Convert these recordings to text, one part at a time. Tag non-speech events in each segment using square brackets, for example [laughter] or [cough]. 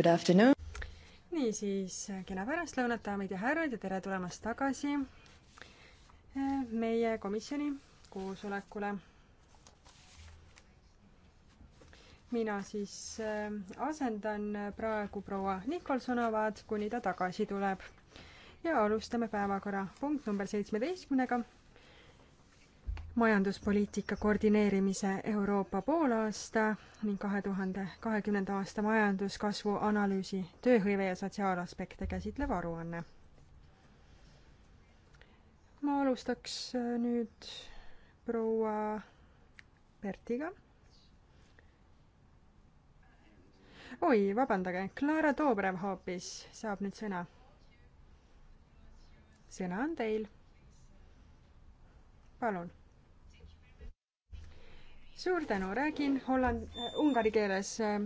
Good afternoon. niisiis, äh, kena pärastlõunat, daamid ja härrad ja tere tulemast tagasi äh, meie komisjoni koosolekule. mina siis äh, asendan praegu proua Nikolsonovad, kuni ta tagasi tuleb. ja alustame päevakorrapunkt number seitsmeteistkümnega majanduspoliitika koordineerimise Euroopa poolaasta ning kahe tuhande kahekümnenda aasta majanduskasvu analüüsi tööhõive ja sotsiaalaspekte käsitlev aruanne. ma alustaks äh, nüüd proua Bertiga. oi, vabandage, Clara Dobrev hoopis saab nüüd sõna. sõna on teil. palun suur tänu, räägin holland-, äh, ungari keeles, äh,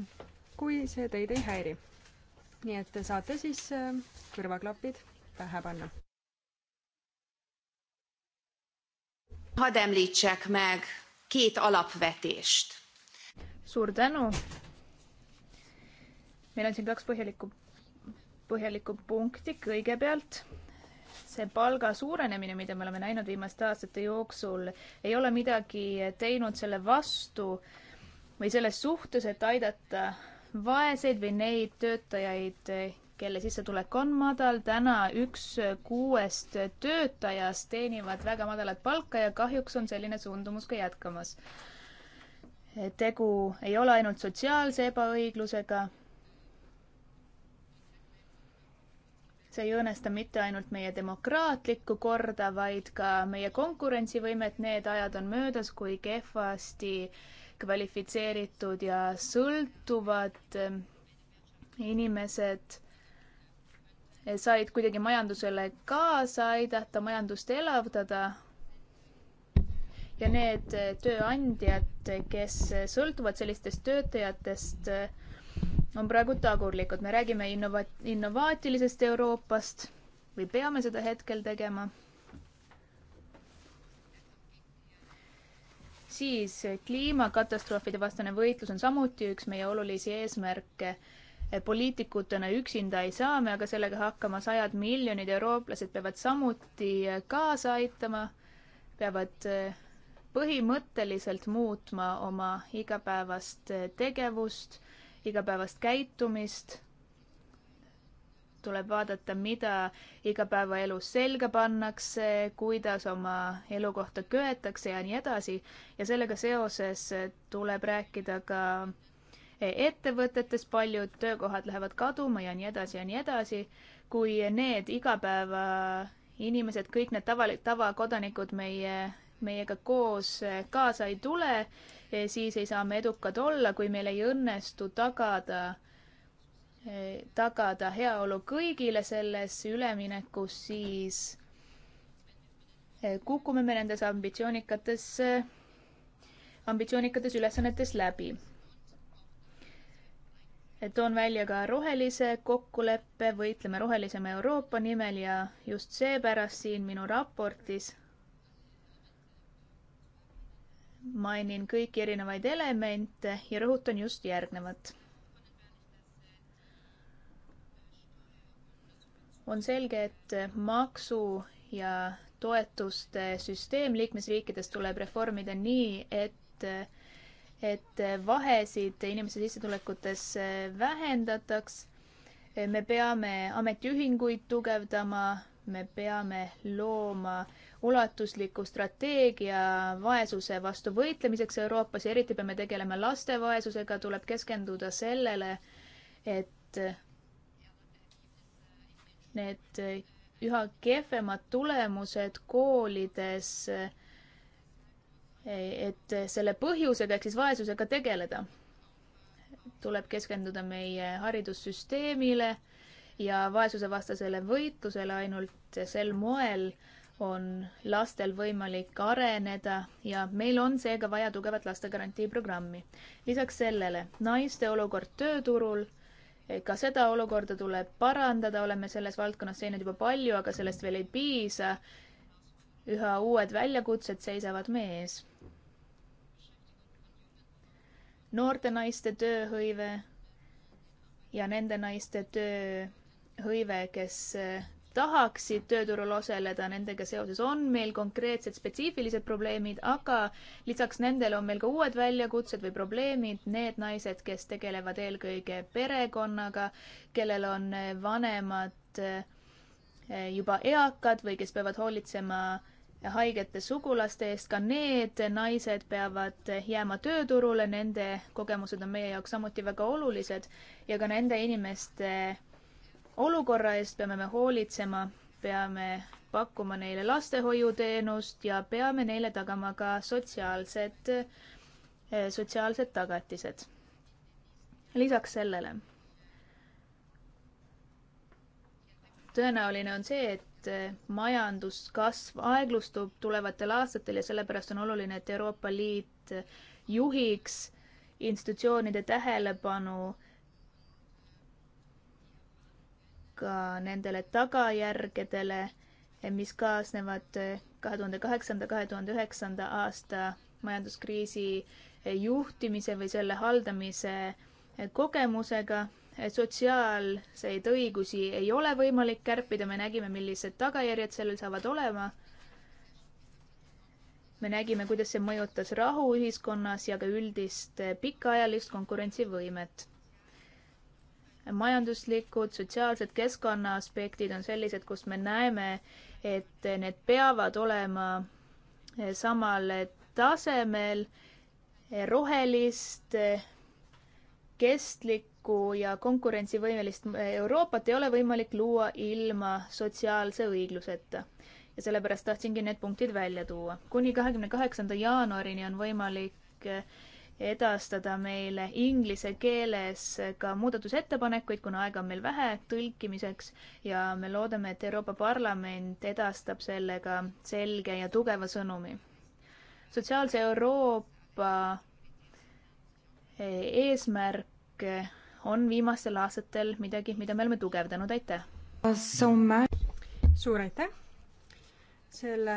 kui see teid ei häiri. nii et saate siis äh, kõrvaklapid pähe panna. hadd említsek meg két alapvetést. suur tänu. meil on siin kaks põhjalikku, põhjalikku punkti. kõigepealt see palga suurenemine, mida me oleme näinud viimaste aastate jooksul, ei ole midagi teinud selle vastu või selles suhtes, et aidata vaeseid või neid töötajaid, kelle sissetulek on madal. täna üks kuuest töötajast teenivad väga madalat palka ja kahjuks on selline suundumus ka jätkamas. tegu ei ole ainult sotsiaalse ebaõiglusega see ei õõnesta mitte ainult meie demokraatlikku korda, vaid ka meie konkurentsivõimet, need ajad on möödas, kui kehvasti kvalifitseeritud ja sõltuvad ähm, inimesed eh, said kuidagi majandusele kaasa aidata, majandust elavdada. ja need eh, tööandjad, kes eh, sõltuvad sellistest töötajatest, on praegu tagurlikud, me räägime innova-, innovaatilisest Euroopast või peame seda hetkel tegema. siis kliimakatastroofide vastane võitlus on samuti üks meie olulisi eesmärke. poliitikutena üksinda ei saa me aga sellega hakkama, sajad miljonid eurooplased peavad samuti kaasa aitama, peavad eh, põhimõtteliselt muutma oma igapäevast eh, tegevust igapäevast käitumist. tuleb vaadata, mida igapäevaelus selga pannakse, kuidas oma elukohta köetakse ja nii edasi. ja sellega seoses tuleb rääkida ka ettevõtetes, paljud töökohad lähevad kaduma ja nii edasi ja nii edasi. kui need igapäeva inimesed, kõik need tavali-, tavakodanikud meie, meiega koos kaasa ei tule, siis ei saa me edukad olla, kui meil ei õnnestu tagada, tagada heaolu kõigile selles üleminekus, siis eh, kukume me nendes ambitsioonikates, eh, ambitsioonikates ülesannetes läbi. Eh, toon välja ka rohelise kokkuleppe, võitleme rohelisema Euroopa nimel ja just seepärast siin minu raportis mainin kõiki erinevaid elemente ja rõhutan just järgnevat. on selge, et maksu ja toetuste süsteem liikmesriikides tuleb reformida nii, et, et vahesid inimese sissetulekutes vähendataks. me peame ametiühinguid tugevdama, me peame looma äh, ulatusliku strateegia vaesuse vastu võitlemiseks Euroopas ja eriti peame tegelema laste vaesusega, tuleb keskenduda sellele, et need üha kehvemad tulemused koolides, et selle põhjusega ehk siis vaesusega tegeleda. tuleb keskenduda meie haridussüsteemile ja vaesusevastasele võitlusele ainult sel moel on lastel võimalik areneda ja meil on seega vaja tugevat lastegarantii programmi. lisaks sellele naiste olukord tööturul, eh, ka seda olukorda tuleb parandada, oleme selles valdkonnas teinud juba palju, aga sellest veel ei piisa. üha uued väljakutsed seisavad meie ees. noorte naiste tööhõive ja nende naiste tööhõive, kes eh, tahaksid tööturul osaleda, nendega seoses on meil konkreetsed spetsiifilised probleemid, aga lisaks nendele on meil ka uued väljakutsed või probleemid, need naised, kes tegelevad eelkõige perekonnaga, kellel on vanemad eh, juba eakad või kes peavad hoolitsema haigete sugulaste eest, ka need naised peavad jääma tööturule, nende kogemused on meie jaoks samuti väga olulised ja ka nende inimeste olukorra eest peame me hoolitsema, peame pakkuma neile lastehoiuteenust ja peame neile tagama ka sotsiaalsed, eh, sotsiaalsed tagatised. lisaks sellele tõenäoline on see, et eh, majanduskasv aeglustub tulevatel aastatel ja sellepärast on oluline, et Euroopa Liit eh, juhiks institutsioonide tähelepanu ka nendele tagajärgedele, mis kaasnevad kahe tuhande kaheksanda, kahe tuhande üheksanda aasta majanduskriisi juhtimise või selle haldamise kogemusega. sotsiaalseid õigusi ei ole võimalik kärpida, me nägime, millised tagajärjed sellel saavad olema. me nägime, kuidas see mõjutas rahu ühiskonnas ja ka üldist pikaajalist konkurentsivõimet majanduslikud, sotsiaalsed, keskkonna aspektid on sellised, kus me näeme, et need peavad olema eh, samal tasemel eh, rohelist, eh, kestlikku ja konkurentsivõimelist Euroopat ei ole võimalik luua ilma sotsiaalse õigluseta ja sellepärast tahtsingi need punktid välja tuua. kuni kahekümne kaheksanda jaanuarini on võimalik edastada meile inglise keeles ka muudatusettepanekuid, kuna aega on meil vähe tõlkimiseks ja me loodame, et Euroopa Parlament edastab sellega selge ja tugeva sõnumi. sotsiaalse Euroopa eh, eesmärk on viimastel aastatel midagi, mida me oleme tugevdanud, aitäh! suur aitäh selle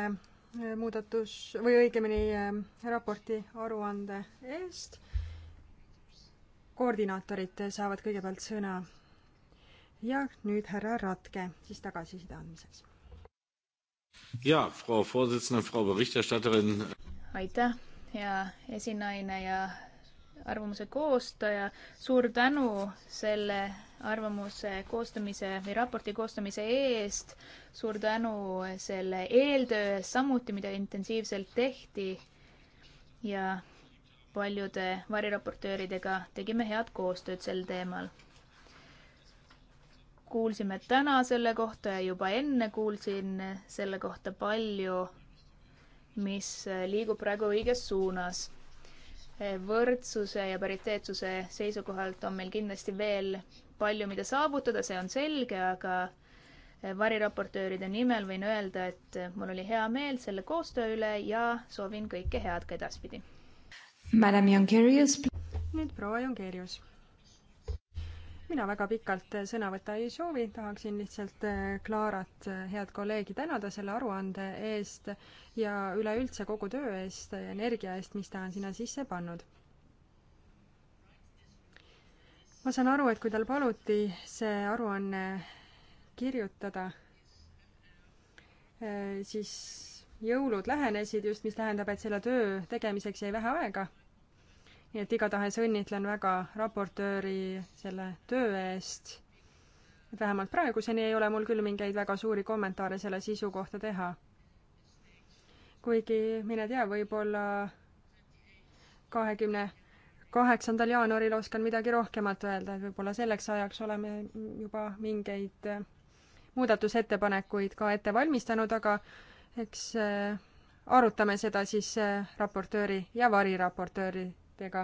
muudatus või õigemini eh, raporti aruande eest. koordinaatorid saavad kõigepealt sõna. ja nüüd härra Ratke siis tagasiside andmiseks. ja, proua Vorsitzende, proua Berichterstatterin. aitäh, hea esinaine ja arvamuse koostaja. suur tänu selle arvamuse koostamise või raporti koostamise eest. suur tänu selle eeltöö eest samuti, mida intensiivselt tehti. ja paljude variraportööridega tegime head koostööd sel teemal. kuulsime täna selle kohta ja juba enne kuulsin selle kohta palju, mis liigub praegu õiges suunas võrdsuse ja pariteetsuse seisukohalt on meil kindlasti veel palju, mida saavutada, see on selge, aga eh, variraportööride nimel võin öelda, et mul oli hea meel selle koostöö üle ja soovin kõike head ka edaspidi. nüüd proua Jongerius mina väga pikalt äh, sõna võtta ei soovi, tahaksin lihtsalt äh, Klaarat, äh, head kolleegi, tänada selle aruande eest ja üleüldse kogu töö eest ja energia eest, mis ta on sinna sisse pannud. ma saan aru, et kui tal paluti see aruanne kirjutada, siis jõulud lähenesid just, mis tähendab, et selle töö tegemiseks jäi vähe aega nii et igatahes õnnitlen väga raportööri selle töö eest. et vähemalt praeguseni ei ole mul küll mingeid väga suuri kommentaare selle sisu kohta teha. kuigi mine tea, võib-olla kahekümne kaheksandal jaanuaril oskan midagi rohkemat öelda, et võib-olla selleks ajaks oleme juba mingeid muudatusettepanekuid ka ette valmistanud, aga eks äh, arutame seda siis äh, raportööri ja variraportööri teiega,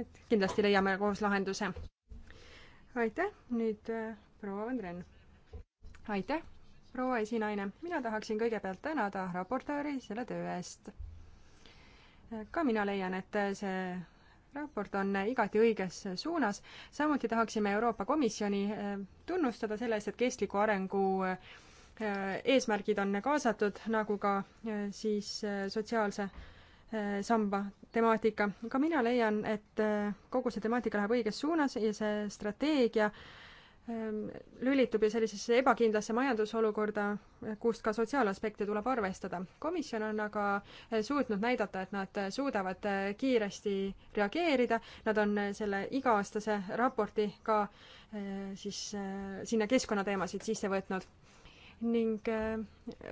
et kindlasti leiame koos lahenduse. aitäh, nüüd äh, proua Vandren. aitäh, proua esinaine, mina tahaksin kõigepealt tänada raportööri selle töö eest. Äh, ka mina leian, et äh, see raport on igati õiges suunas. samuti tahaksime Euroopa Komisjoni tunnustada selle eest, et kestliku arengu eesmärgid on kaasatud, nagu ka siis sotsiaalse Äh, samba temaatika. ka mina leian, et äh, kogu see temaatika läheb õiges suunas ja see strateegia ähm, lülitub ju sellisesse ebakindlasse majandusolukorda, äh, kust ka sotsiaalaspekte tuleb arvestada. komisjon on aga suutnud näidata, et nad suudavad kiiresti reageerida, nad on selle iga-aastase raporti ka siis sinna keskkonnateemasid sisse võtnud ning äh,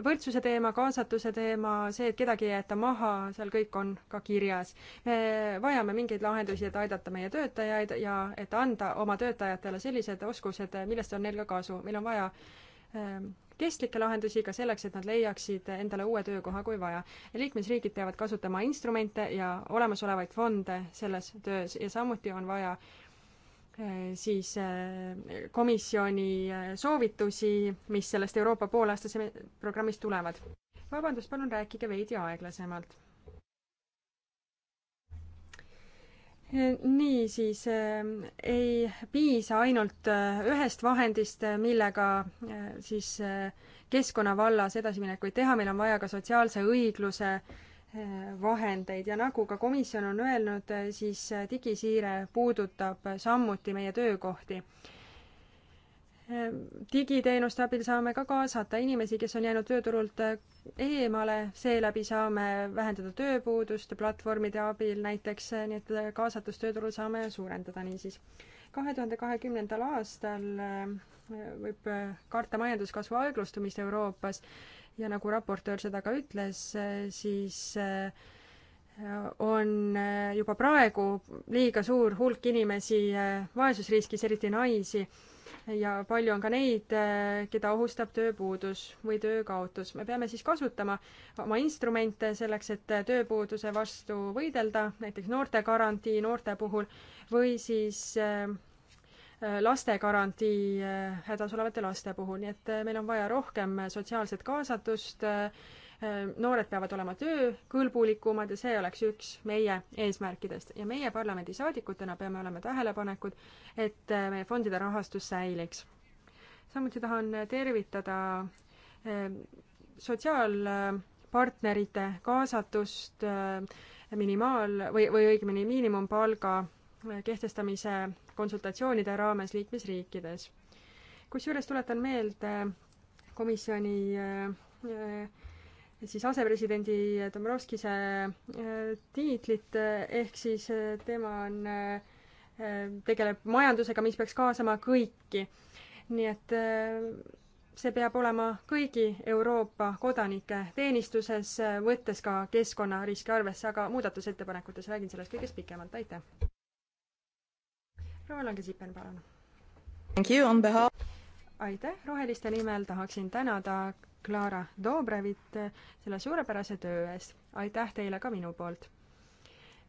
võrdsuse teema, kaasatuse teema, see, et kedagi ei jäeta maha, seal kõik on ka kirjas. me vajame mingeid lahendusi, et aidata meie töötajaid ja et anda oma töötajatele sellised oskused, millest on neil ka kasu. meil on vaja ähm, kestlikke lahendusi ka selleks, et nad leiaksid endale uue töökoha, kui vaja. liikmesriigid peavad kasutama instrumente ja olemasolevaid fonde selles töös ja samuti on vaja äh, Äh, siis äh, komisjoni äh, soovitusi, mis sellest Euroopa poolaastase programmist tulevad. vabandust, palun rääkige veidi aeglasemalt. niisiis ei piisa ainult ühest vahendist, millega siis keskkonna vallas edasiminekuid teha, meil on vaja ka sotsiaalse õigluse äh, vahendeid ja nagu ka komisjon on öelnud, siis digisiire puudutab samuti meie töökohti. digiteenuste abil saame ka kaasata inimesi, kes on jäänud tööturult eemale, seeläbi saame vähendada tööpuudust platvormide abil näiteks, nii et kaasatust tööturul saame suurendada niisiis. kahe tuhande kahekümnendal aastal võib karta majanduskasvu aeglustumist Euroopas ja nagu raportöör seda ka ütles, siis eh, on eh, juba praegu liiga suur hulk inimesi eh, vaesusriskis, eriti naisi, ja palju on ka neid, keda ohustab tööpuudus või töökaotus. me peame siis kasutama oma instrumente selleks, et tööpuuduse vastu võidelda, näiteks noortegarantii noorte puhul, või siis äh, lastegarantii eh, hädas olevate laste puhul, nii et eh, meil on vaja rohkem eh, sotsiaalset kaasatust, noored peavad olema töökõlbulikumad ja see oleks üks meie eesmärkidest. ja meie parlamendisaadikutena peame olema tähelepanekud, et meie fondide rahastus säiliks. samuti tahan tervitada sotsiaalpartnerite kaasatust minimaal- või, või õigemini miinimumpalga kehtestamise konsultatsioonide raames liikmesriikides. kusjuures tuletan meelde komisjoni äh, äh, siis asepresidendi Dombrovskise äh, tiitlit, ehk siis tema on, tegeleb majandusega, mis peaks kaasama kõiki. nii et see peab olema kõigi Euroopa kodanike teenistuses, võttes ka keskkonnariske arvesse, aga muudatusettepanekutes räägin sellest kõigest pikemalt, aitäh! proua Lange-Sipen, palun. aitäh, Roheliste nimel tahaksin tänada Clara Dobrevit selle suurepärase töö eest. aitäh teile ka minu poolt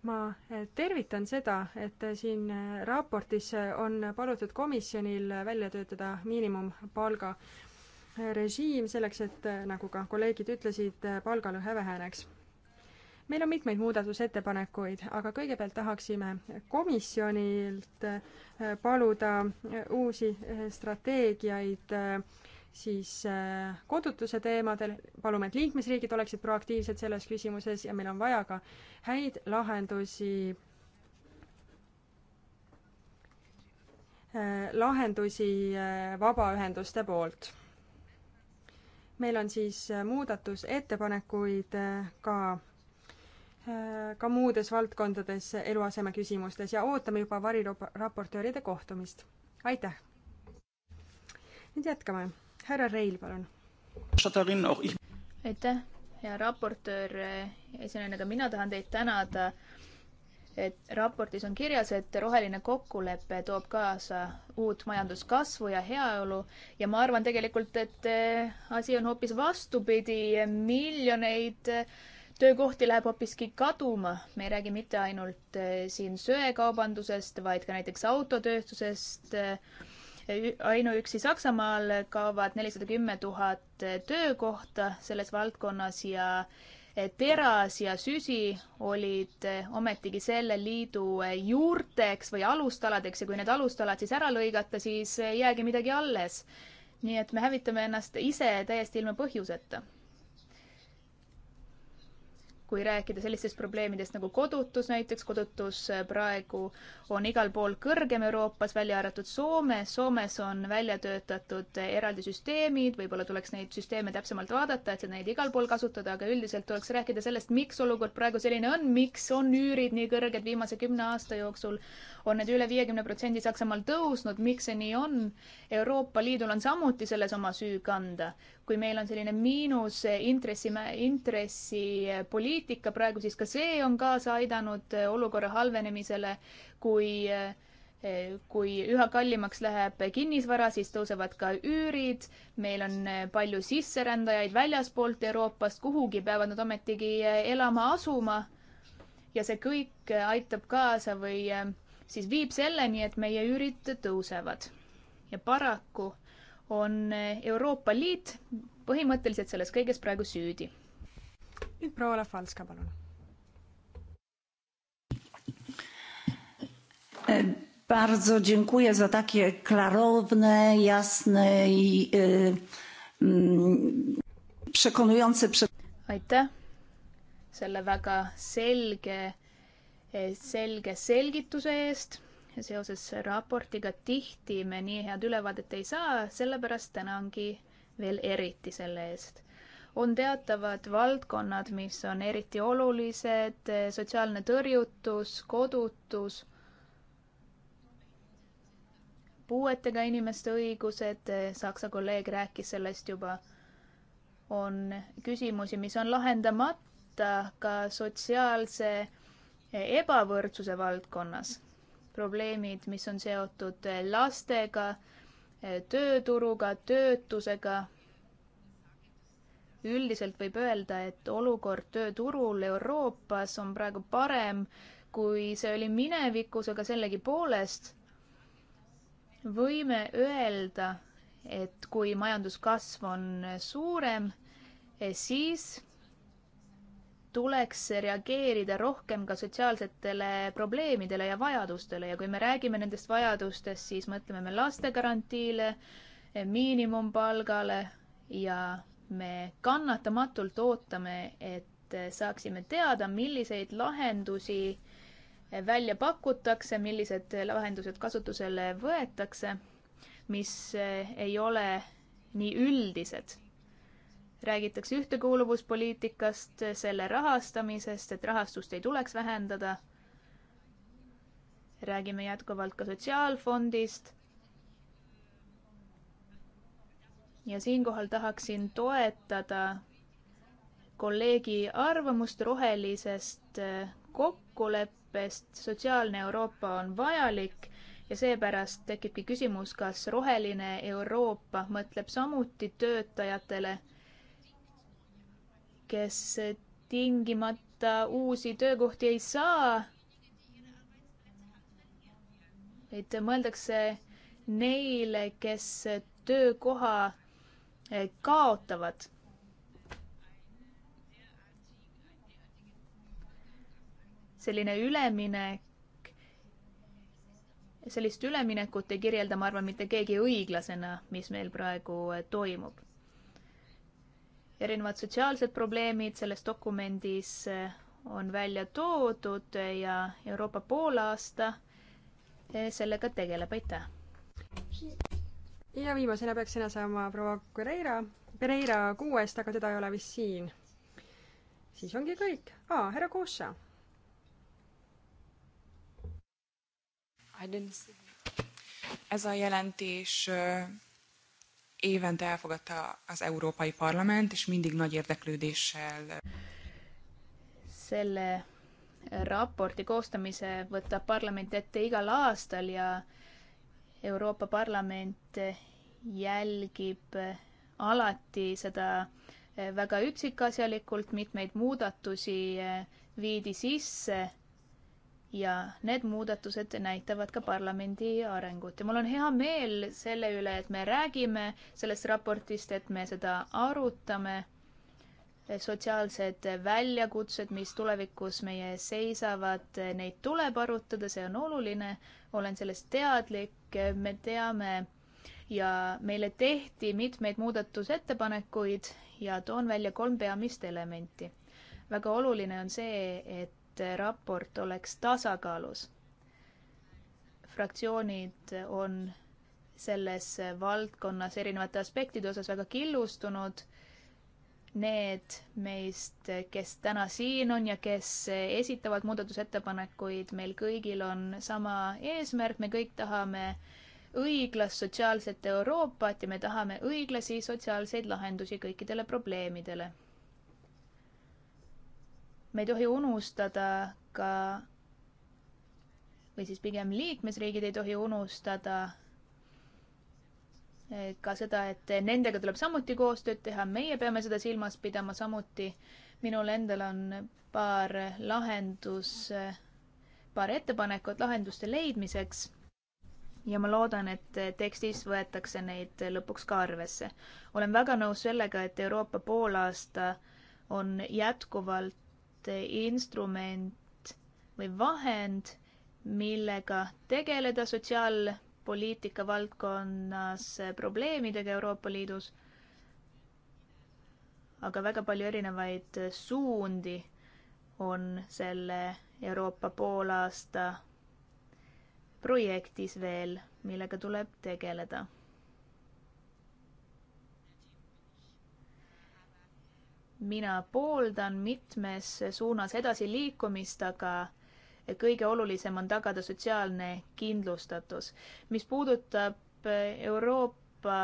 ma tervitan seda, et siin raportis on palutud komisjonil välja töötada miinimumpalga režiim selleks, et nagu ka kolleegid ütlesid, palgalõhe väheneks meil on mitmeid muudatusettepanekuid, aga kõigepealt tahaksime komisjonilt äh, paluda äh, uusi äh, strateegiaid siis kodutuse teemadel, palume, et liikmesriigid oleksid proaktiivsed selles küsimuses ja meil on vaja ka häid lahendusi, lahendusi vabaühenduste poolt. meil on siis muudatusettepanekuid ka Äh, ka muudes valdkondades eluaseme küsimustes ja ootame juba variraportööride kohtumist. aitäh! nüüd jätkame. härra Reil, palun. aitäh, hea raportöör, esinejana ka mina tahan teid tänada et raportis on kirjas, et roheline kokkulepe toob kaasa uut majanduskasvu ja heaolu ja ma arvan tegelikult, et äh, asi on hoopis vastupidi, miljoneid töökohti läheb hoopiski kaduma, me ei räägi mitte ainult eh, siin söekaubandusest, vaid ka näiteks autotööstusest. Eh, ainuüksi Saksamaal kaovad nelisada kümme tuhat eh, töökohta selles valdkonnas ja teras ja süsi olid ometigi selle liidu juurteks või alustaladeks ja kui need alustalad siis ära lõigata, siis ei jäägi midagi alles. nii et me hävitame ennast ise täiesti ilma põhjuseta kui rääkida sellistest probleemidest nagu kodutus näiteks, kodutus äh, praegu on igal pool kõrgem Euroopas, välja arvatud Soomes. Soomes on välja töötatud äh, eraldi süsteemid, võib-olla tuleks neid süsteeme täpsemalt vaadata, et neid igal pool kasutada, aga üldiselt tuleks rääkida sellest, miks olukord praegu selline on, miks on üürid nii kõrged viimase kümne aasta jooksul, on need üle viiekümne protsendi Saksamaal tõusnud, miks see nii on? Euroopa Liidul on samuti selles oma süü kanda kui meil on selline miinus intressi, intressipoliitika praegu, siis ka see on kaasa aidanud äh, olukorra halvenemisele, kui äh, kui üha kallimaks läheb kinnisvara, siis tõusevad ka üürid, meil on äh, palju sisserändajaid väljaspoolt Euroopast, kuhugi peavad nad ometigi elama asuma. ja see kõik aitab kaasa või siis viib selleni, et meie üürid tõusevad. ja paraku on Euroopa Liit põhimõtteliselt selles kõiges praegu süüdi. nüüd proua Lafalska, palun. E, bardzo dziękuję za takie klarowne, jasne i e, mm, przekonujące aitäh selle väga selge, e, selge selgituse eest seoses raportiga tihti me nii head ülevaadet ei saa, sellepärast tänangi veel eriti selle eest. on teatavad valdkonnad, mis on eriti olulised, sotsiaalne tõrjutus, kodutus, puuetega inimeste õigused, Saksa kolleeg rääkis sellest juba, on küsimusi, mis on lahendamata ka sotsiaalse ebavõrdsuse valdkonnas probleemid, mis on seotud eh, lastega, eh, tööturuga, töötusega. üldiselt võib öelda, et olukord tööturul Euroopas on praegu parem, kui see oli minevikus, aga sellegipoolest võime öelda, et kui majanduskasv on eh, suurem, siis tuleks reageerida rohkem ka sotsiaalsetele probleemidele ja vajadustele ja kui me räägime nendest vajadustest, siis mõtleme me lastegarantiile, miinimumpalgale ja me kannatamatult ootame, et saaksime teada, milliseid lahendusi välja pakutakse, millised lahendused kasutusele võetakse, mis ei ole nii üldised räägitakse ühtekuuluvuspoliitikast, selle rahastamisest, et rahastust ei tuleks vähendada. räägime jätkuvalt ka sotsiaalfondist. ja siinkohal tahaksin toetada kolleegi arvamust rohelisest kokkuleppest. sotsiaalne Euroopa on vajalik ja seepärast tekibki küsimus, kas roheline Euroopa mõtleb samuti töötajatele kes tingimata uusi töökohti ei saa. et mõeldakse neile, kes töökoha eh, kaotavad selline üleminek, sellist üleminekut ei kirjelda, ma arvan, mitte keegi õiglasena, mis meil praegu eh, toimub erinevad sotsiaalsed probleemid selles dokumendis eh, on välja toodud eh, ja Euroopa poolaasta eh, sellega tegeleb, aitäh! ja viimasena peaks sõna saama proua Pereira, Pereira kuuest, aga teda ei ole vist siin. siis ongi kõik. aa, härra Koša. Ez a jelentés évente elfogadta az Európai Parlament, és mindig nagy érdeklődéssel. Selle raporti koostamise võtab parlament ette igal aastal ja Euroopa Parlament jälgib alati seda väga üksikasjalikult, mitmeid muudatusi viidi sisse ja need muudatused näitavad ka parlamendi arengut ja mul on hea meel selle üle, et me räägime sellest raportist, et me seda arutame. sotsiaalsed väljakutsed, mis tulevikus meie ees seisavad, neid tuleb arutada, see on oluline. olen sellest teadlik, me teame ja meile tehti mitmeid muudatusettepanekuid ja toon välja kolm peamist elementi. väga oluline on see, et et raport oleks tasakaalus. fraktsioonid on selles valdkonnas erinevate aspektide osas väga killustunud. Need meist, kes täna siin on ja kes esitavad muudatusettepanekuid, meil kõigil on sama eesmärk, me kõik tahame õiglast sotsiaalset Euroopat ja me tahame õiglasi sotsiaalseid lahendusi kõikidele probleemidele me ei tohi unustada ka või siis pigem liikmesriigid ei tohi unustada eh, ka seda, et nendega tuleb samuti koostööd teha, meie peame seda silmas pidama samuti. minul endal on paar lahendus, paar ettepanekut lahenduste leidmiseks. ja ma loodan, et tekstis võetakse neid lõpuks ka arvesse. olen väga nõus sellega, et Euroopa poolaasta on jätkuvalt instrument või vahend, millega tegeleda sotsiaalpoliitika valdkonnas probleemidega Euroopa Liidus, aga väga palju erinevaid suundi on selle Euroopa poolaasta projektis veel, millega tuleb tegeleda mina pooldan mitmes suunas edasiliikumist, aga kõige olulisem on tagada sotsiaalne kindlustatus. mis puudutab eh, Euroopa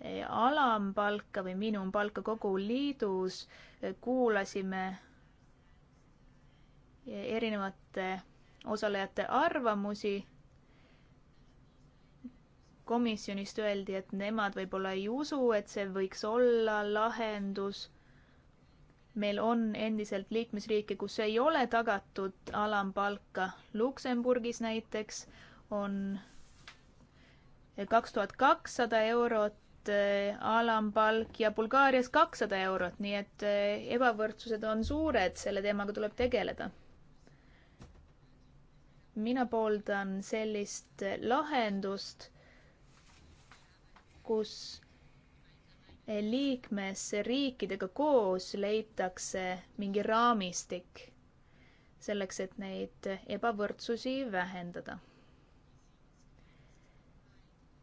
eh, alampalka või miinimumpalka kogu liidus, eh, kuulasime erinevate osalejate arvamusi. komisjonist öeldi, et nemad võib-olla ei usu, et see võiks olla lahendus meil on endiselt liikmesriike, kus ei ole tagatud alampalka. Luksemburgis näiteks on kaks tuhat kakssada eurot eh, alampalk ja Bulgaarias kakssada eurot, nii et eh, ebavõrdsused on suured, selle teemaga tuleb tegeleda. mina pooldan sellist lahendust, kus liikmesriikidega koos leitakse mingi raamistik selleks, et neid ebavõrdsusi vähendada.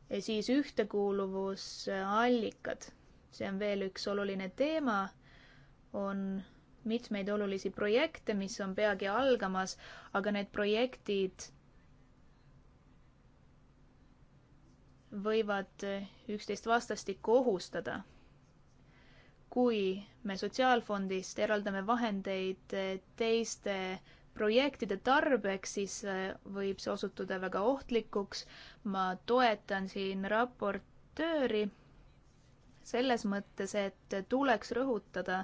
ja siis ühtekuuluvusallikad, see on veel üks oluline teema, on mitmeid olulisi projekte, mis on peagi algamas, aga need projektid võivad üksteist vastastikku ohustada kui me Sotsiaalfondist eraldame vahendeid teiste projektide tarbeks, siis äh, võib see osutuda väga ohtlikuks. ma toetan siin raportööri selles mõttes, et tuleks rõhutada,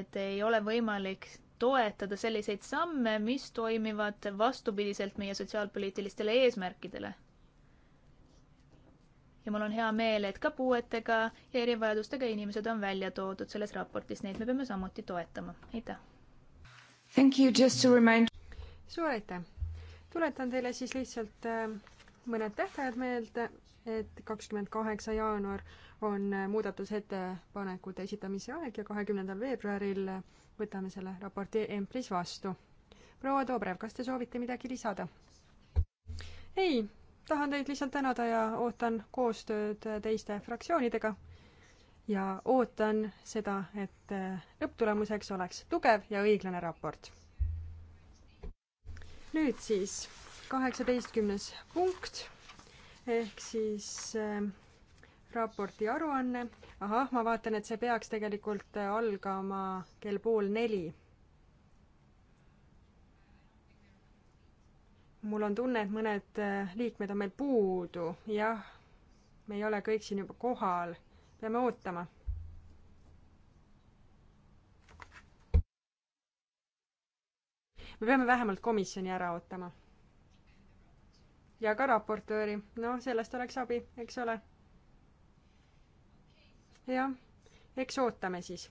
et ei ole võimalik toetada selliseid samme, mis toimivad vastupidiselt meie sotsiaalpoliitilistele eesmärkidele ja mul on hea meel, et ka puuetega ja erivajadustega inimesed on välja toodud selles raportis, neid me peame samuti toetama, aitäh! Thank you, just to remind suur aitäh! tuletan teile siis lihtsalt äh, mõned tähtajad meelde, et kakskümmend kaheksa jaanuar on äh, muudatusettepanekute esitamise aeg ja kahekümnendal veebruaril äh, võtame selle raporti EMPLis vastu. proua Dobrev, kas te soovite midagi lisada? ei, tahan teid lihtsalt tänada ja ootan koostööd teiste fraktsioonidega ja ootan seda, et lõpptulemuseks oleks tugev ja õiglane raport. nüüd siis kaheksateistkümnes punkt ehk siis äh, raporti aruanne. ahah, ma vaatan, et see peaks tegelikult algama kell pool neli mul on tunne, et mõned äh, liikmed on meil puudu, jah, me ei ole kõik siin juba kohal, peame ootama. me peame vähemalt komisjoni ära ootama. ja ka raportööri, no sellest oleks abi, eks ole. jah, eks ootame siis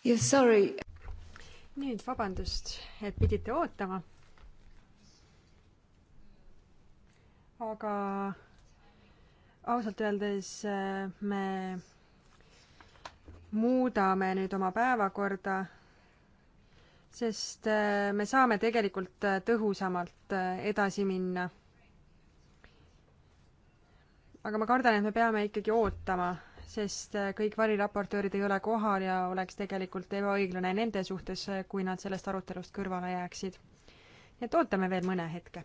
Yeah, sorry. nüüd vabandust, et pidite ootama. aga ausalt öeldes eh, me muudame nüüd oma päevakorda, sest eh, me saame tegelikult eh, tõhusamalt edasi minna. aga ma kardan, et me peame ikkagi ootama sest äh, kõik variraportöörid ei ole kohal ja oleks tegelikult ebaõiglane nende suhtes, äh, kui nad sellest arutelust kõrvale jääksid. nii et ootame veel mõne hetke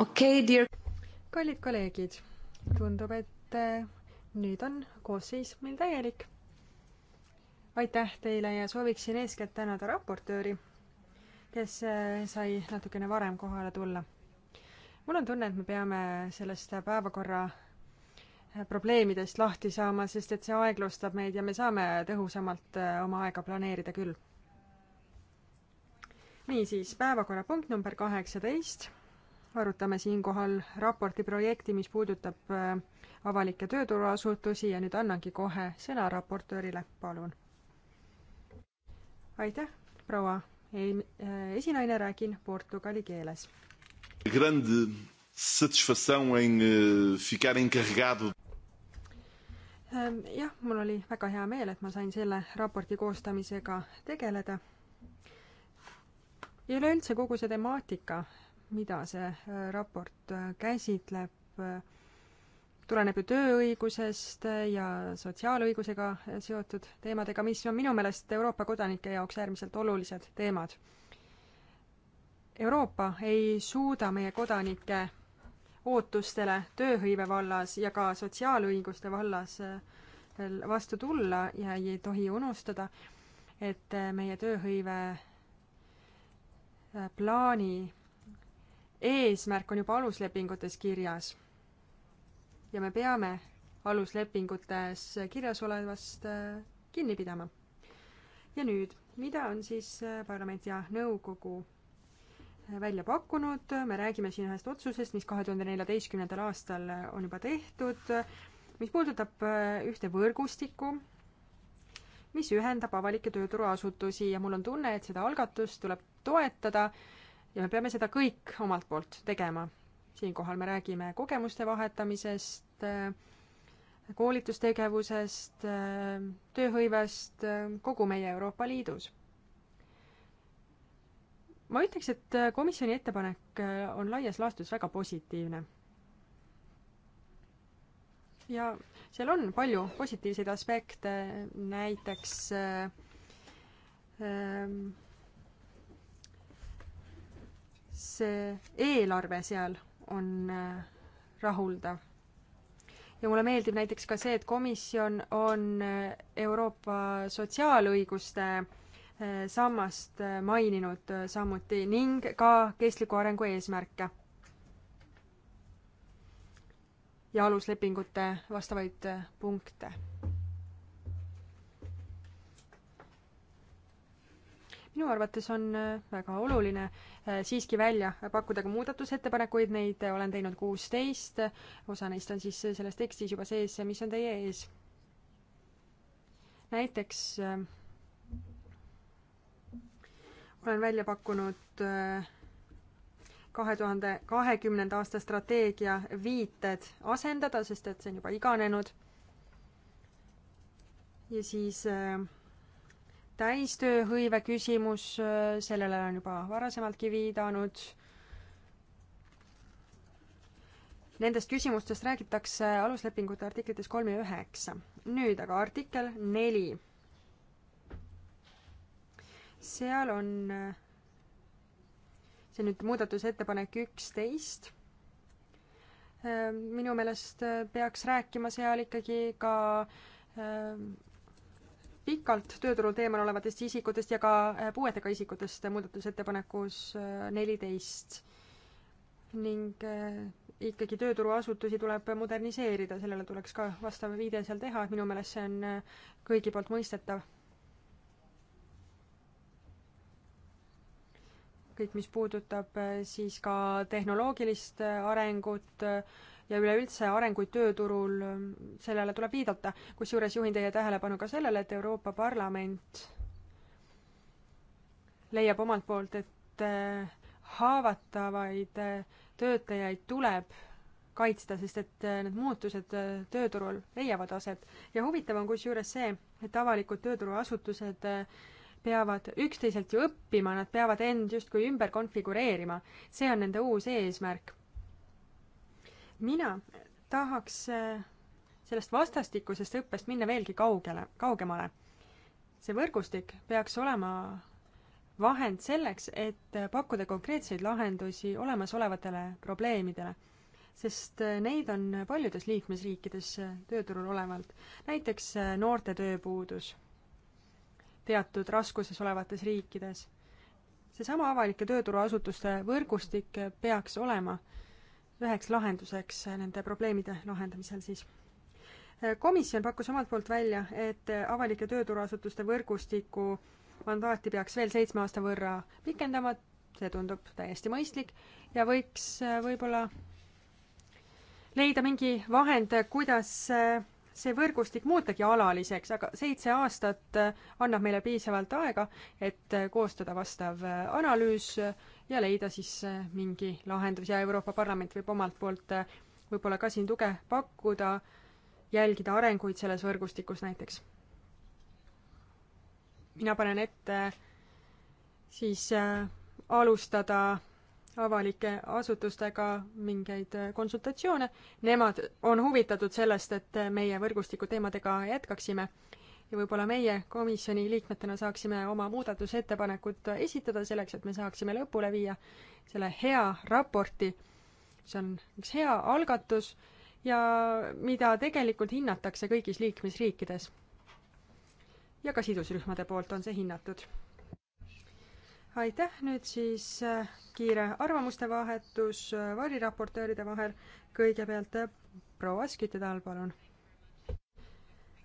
okei okay,, dear. kallid kolleegid, tundub, et eh, nüüd on koosseis meil täielik. aitäh teile ja sooviksin eeskätt tänada raportööri, kes eh, sai natukene varem kohale tulla. mul on tunne, et me peame sellest päevakorra eh, probleemidest lahti saama, sest et see aeglustab meid ja me saame tõhusamalt oma aega planeerida küll niisiis, päevakorrapunkt number kaheksateist arutame siinkohal raporti projekti, mis puudutab äh, avalikke tööturuasutusi ja nüüd annangi kohe sõna raportöörile, palun. aitäh, proua äh, esinaine, räägin portugali keeles. Grande satisfação em äh, ficar encarregado ähm, jah, mul oli väga hea meel, et ma sain selle raporti koostamisega tegeleda. ja üleüldse kogu see temaatika, mida see äh, raport äh, käsitleb, äh, tuleneb ju tööõigusest ja sotsiaalõigusega seotud teemadega, mis on minu meelest Euroopa kodanike jaoks äärmiselt olulised teemad. Euroopa ei suuda meie kodanike ootustele tööhõive vallas ja ka sotsiaalõiguste vallas vastu tulla ja ei tohi unustada, et meie tööhõive plaani eesmärk on juba aluslepingutes kirjas. ja me peame aluslepingutes kirjas olevast äh, kinni pidama. ja nüüd, mida on siis äh, parlament ja nõukogu äh, välja pakkunud, me räägime siin ühest otsusest, mis kahe tuhande neljateistkümnendal aastal on juba tehtud, mis puudutab ühte võrgustikku, mis ühendab avalikke tööturuasutusi ja mul on tunne, et seda algatust tuleb toetada äh, ja me peame seda kõik omalt poolt tegema. siinkohal me räägime kogemuste vahetamisest, koolitustegevusest, tööhõivest kogu meie Euroopa Liidus. ma ütleks, et komisjoni ettepanek on laias laastus väga positiivne. ja seal on palju positiivseid aspekte, näiteks ähm, see eelarve seal on äh, rahuldav. ja mulle meeldib näiteks ka see, et komisjon on äh, Euroopa sotsiaalõiguste äh, sammast maininud samuti ning ka kestliku arengu eesmärke. ja aluslepingute vastavaid punkte minu arvates on äh, väga oluline äh, siiski välja pakkuda ka muudatusettepanekuid, neid äh, olen teinud kuusteist, osa neist on siis selles tekstis juba sees, mis on teie ees. näiteks olen välja pakkunud kahe tuhande kahekümnenda aasta strateegia viited asendada, sest et see on juba iganenud. ja siis äh, täistööhõive küsimus, sellele on juba varasemaltki viidanud. Nendest küsimustest räägitakse aluslepingute artiklites kolm ja üheksa. nüüd aga artikkel neli. seal on, see on nüüd muudatusettepanek üksteist minu meelest peaks rääkima seal ikkagi ka pikalt tööturul teemal olevatest isikutest ja ka äh, puuetega isikutest muudatusettepanekus äh, neliteist. ning äh, ikkagi tööturuasutusi tuleb moderniseerida, sellele tuleks ka vastav viide seal teha, minu meelest see on kõigi poolt mõistetav. kõik, mis puudutab siis ka tehnoloogilist arengut, ja üleüldse arenguid tööturul, sellele tuleb viidata. kusjuures juhin teie tähelepanu ka sellele, et Euroopa Parlament leiab omalt poolt, et äh, haavatavaid äh, töötajaid tuleb kaitsta, sest et äh, need muutused tööturul leiavad aset. ja huvitav on kusjuures see, et avalikud tööturuasutused peavad üksteiselt ju õppima, nad peavad end justkui ümber konfigureerima. see on nende uus eesmärk mina tahaks eh, sellest vastastikusest õppest minna veelgi kaugele, kaugemale. see võrgustik peaks olema vahend selleks, et pakkuda konkreetseid lahendusi olemasolevatele probleemidele, sest eh, neid on paljudes liikmesriikides eh, tööturul olevalt, näiteks noorte tööpuudus teatud raskuses olevates riikides. seesama avalike tööturuasutuste võrgustik peaks olema äh, üheks lahenduseks äh, nende probleemide lahendamisel siis. Äh, komisjon pakkus omalt poolt välja, et äh, avalike tööturuasutuste võrgustiku mandaati peaks veel seitsme aasta võrra pikendama, see tundub täiesti mõistlik ja võiks võib-olla leida mingi vahend, kuidas see võrgustik muutagi alaliseks, aga seitse aastat annab meile piisavalt aega, et koostada vastav analüüs ja leida siis äh, mingi lahendus ja Euroopa Parlament võib omalt poolt äh, võib-olla ka siin tuge pakkuda, jälgida arenguid selles võrgustikus näiteks. mina panen ette äh, siis alustada avalike asutustega mingeid konsultatsioone. Nemad on huvitatud sellest, et meie võrgustiku teemadega jätkaksime ja võib-olla meie komisjoni liikmetena saaksime oma muudatusettepanekud esitada selleks, et me saaksime lõpule viia selle hea raporti. see on üks hea algatus ja mida tegelikult hinnatakse kõigis liikmesriikides. ja ka sidusrühmade poolt on see hinnatud. aitäh, nüüd siis äh, kiire arvamuste vahetus äh, variraportööride vahel. kõigepealt äh, proua Askütte Taal, palun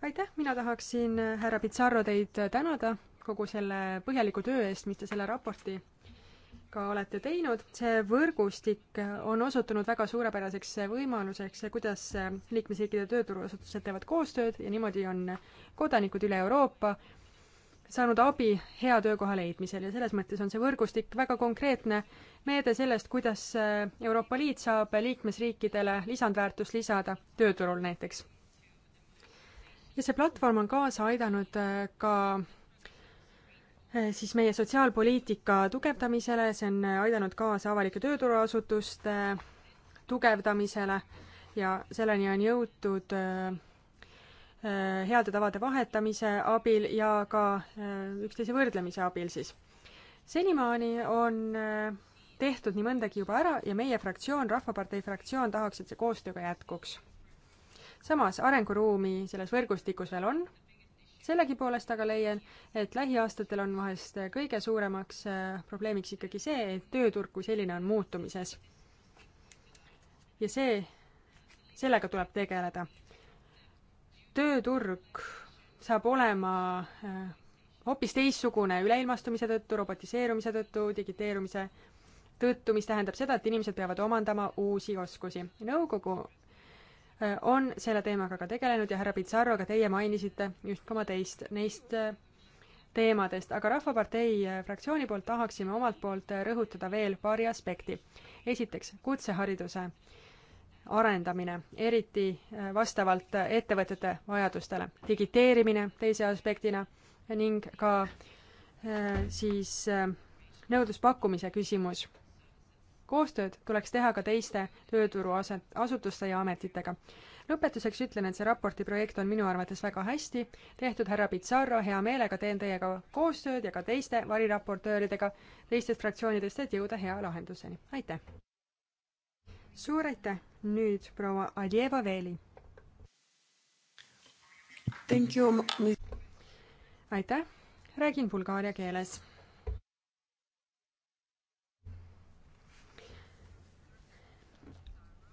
aitäh, mina tahaksin, äh, härra Pitsarro, teid äh, tänada kogu selle põhjaliku töö eest, mis te selle raporti ka olete teinud. see võrgustik äh, on osutunud väga suurepäraseks võimaluseks, kuidas liikmesriikide tööturuasutused teevad koostööd ja niimoodi on kodanikud üle Euroopa saanud abi hea töökoha leidmisel ja selles mõttes on see võrgustik väga konkreetne meede sellest, kuidas Euroopa Liit saab liikmesriikidele lisandväärtust lisada tööturul näiteks ja see platvorm on kaasa aidanud äh, ka äh, siis meie sotsiaalpoliitika tugevdamisele, see on äh, aidanud kaasa avalike tööturuasutuste tugevdamisele ja selleni on jõutud heade tavade vahetamise abil ja ka üksteise võrdlemise abil siis. senimaani on tehtud nii mõndagi juba ära ja meie fraktsioon, Rahvapartei fraktsioon tahaks, et see koostöö ka jätkuks samas arenguruumi selles võrgustikus veel on, sellegipoolest aga leian, et lähiaastatel on vahest kõige suuremaks äh, probleemiks ikkagi see, et tööturg kui selline on muutumises. ja see, sellega tuleb tegeleda. tööturg saab olema äh, hoopis teistsugune üleilmastumise tõttu, robotiseerumise tõttu, digiteerumise tõttu, mis tähendab seda, et inimesed peavad omandama uusi oskusi. nõukogu Äh, on selle teemaga ka tegelenud ja härra Pitsarro, ka teie mainisite üht koma teist neist äh, teemadest, aga Rahvapartei äh, fraktsiooni poolt tahaksime omalt poolt rõhutada veel paari aspekti. esiteks, kutsehariduse arendamine, eriti vastavalt ettevõtete vajadustele, digiteerimine teise aspektina ning ka siis nõudluspakkumise küsimus koostööd tuleks teha ka teiste tööturu aset, asutuste ja ametitega. lõpetuseks ütlen, et see raporti projekt on minu arvates väga hästi tehtud, härra Pitsarro, hea meelega teen teiega koostööd ja ka teiste variraportööridega teistest fraktsioonidest, et jõuda hea lahenduseni. aitäh! suur aitäh! nüüd proua Aljeva Veeli. aitäh! räägin bulgaaria keeles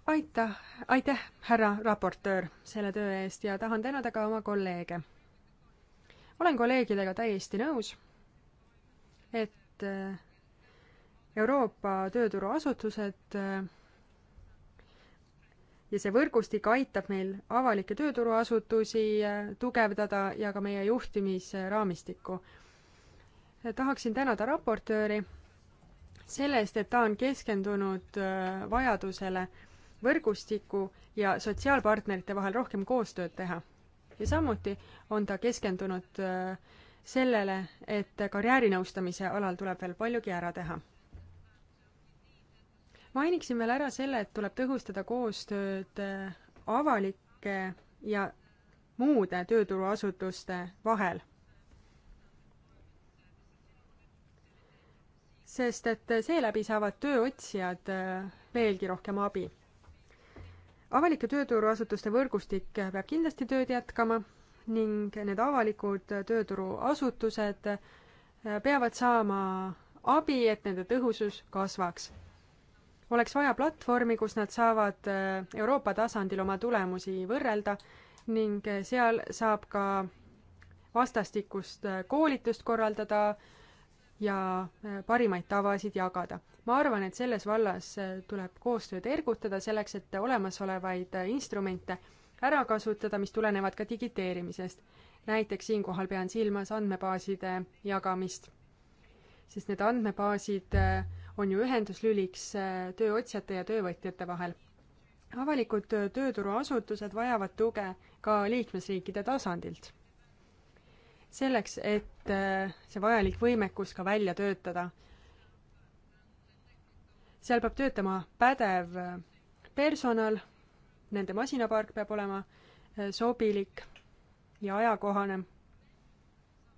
aitäh, aitäh, härra raportöör, selle töö eest ja tahan tänada ka oma kolleege. olen kolleegidega täiesti nõus, et äh, Euroopa tööturuasutused äh, ja see võrgustik aitab meil avalikke tööturuasutusi äh, tugevdada ja ka meie juhtimisraamistikku. tahaksin tänada raportööri selle eest, et ta on keskendunud vajadusele võrgustiku ja sotsiaalpartnerite vahel rohkem koostööd teha. ja samuti on ta keskendunud äh, sellele, et karjäärinõustamise alal tuleb veel paljugi ära teha. mainiksin veel ära selle, et tuleb tõhustada koostööd äh, avalike ja muude tööturuasutuste vahel sest et seeläbi saavad tööotsijad äh, veelgi rohkem abi avalike tööturuasutuste võrgustik peab kindlasti tööd jätkama ning need avalikud tööturuasutused peavad saama abi, et nende tõhusus kasvaks. oleks vaja platvormi, kus nad saavad eh, Euroopa tasandil oma tulemusi võrrelda ning eh, seal saab ka vastastikust eh, koolitust korraldada ja parimaid tavasid jagada ma arvan, et selles vallas äh, tuleb koostööd ergutada selleks, et olemasolevaid äh, instrumente ära kasutada, mis tulenevad ka digiteerimisest. näiteks siinkohal pean silmas andmebaaside jagamist, sest need andmebaasid äh, on ju ühenduslüliks tööotsijate ja töövõtjate vahel. avalikud tööturuasutused vajavad tuge ka liikmesriikide tasandilt. selleks, et see vajalik võimekus ka välja töötada seal peab töötama pädev personal, nende masinapark peab olema äh, sobilik ja ajakohane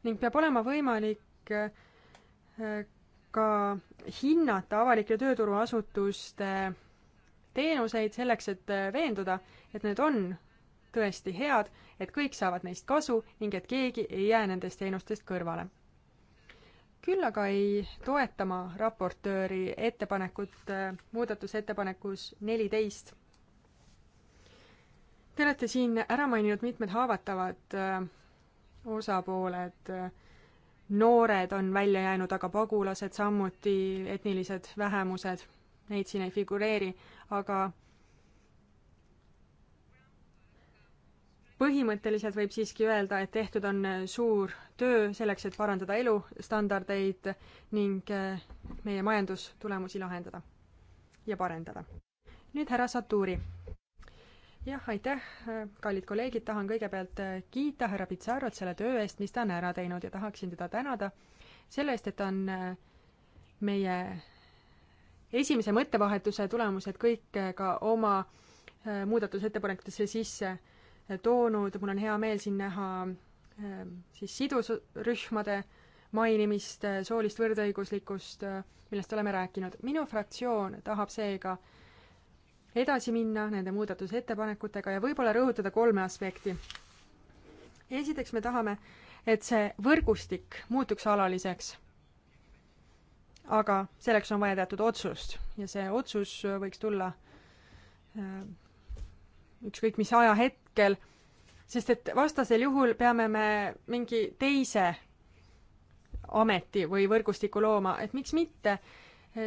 ning peab olema võimalik äh, ka hinnata avalike tööturuasutuste teenuseid selleks, et äh, veenduda, et need on tõesti head, et kõik saavad neist kasu ning et keegi ei jää nendest teenustest kõrvale küll aga ei toeta ma raportööri ettepanekut äh, muudatusettepanekus neliteist. Te olete siin ära maininud mitmed haavatavad äh, osapooled, äh, noored on välja jäänud, aga pagulased samuti, etnilised vähemused, neid siin ei figureeri, aga põhimõtteliselt võib siiski öelda, et tehtud on äh, suur töö selleks, et parandada elustandardeid ning äh, meie majandustulemusi lahendada ja parendada. nüüd härra Saturi. jah, aitäh, äh, kallid kolleegid, tahan kõigepealt kiita härra Pitsarot selle töö eest, mis ta on ära teinud ja tahaksin teda tänada selle eest, et ta on meie esimese mõttevahetuse tulemused kõik ka oma muudatusettepanekutesse sisse toonud, mul on hea meel siin näha ähm, siis sidusrühmade mainimist, äh, soolist võrdõiguslikkust, äh, millest oleme rääkinud. minu fraktsioon tahab seega edasi minna nende muudatusettepanekutega ja võib-olla rõhutada kolme aspekti. esiteks me tahame, et see võrgustik muutuks alaliseks. aga selleks on vaja teatud otsust ja see otsus võiks tulla äh, ükskõik mis ajahetkel, sest et vastasel juhul peame me mingi teise ameti või võrgustiku looma, et miks mitte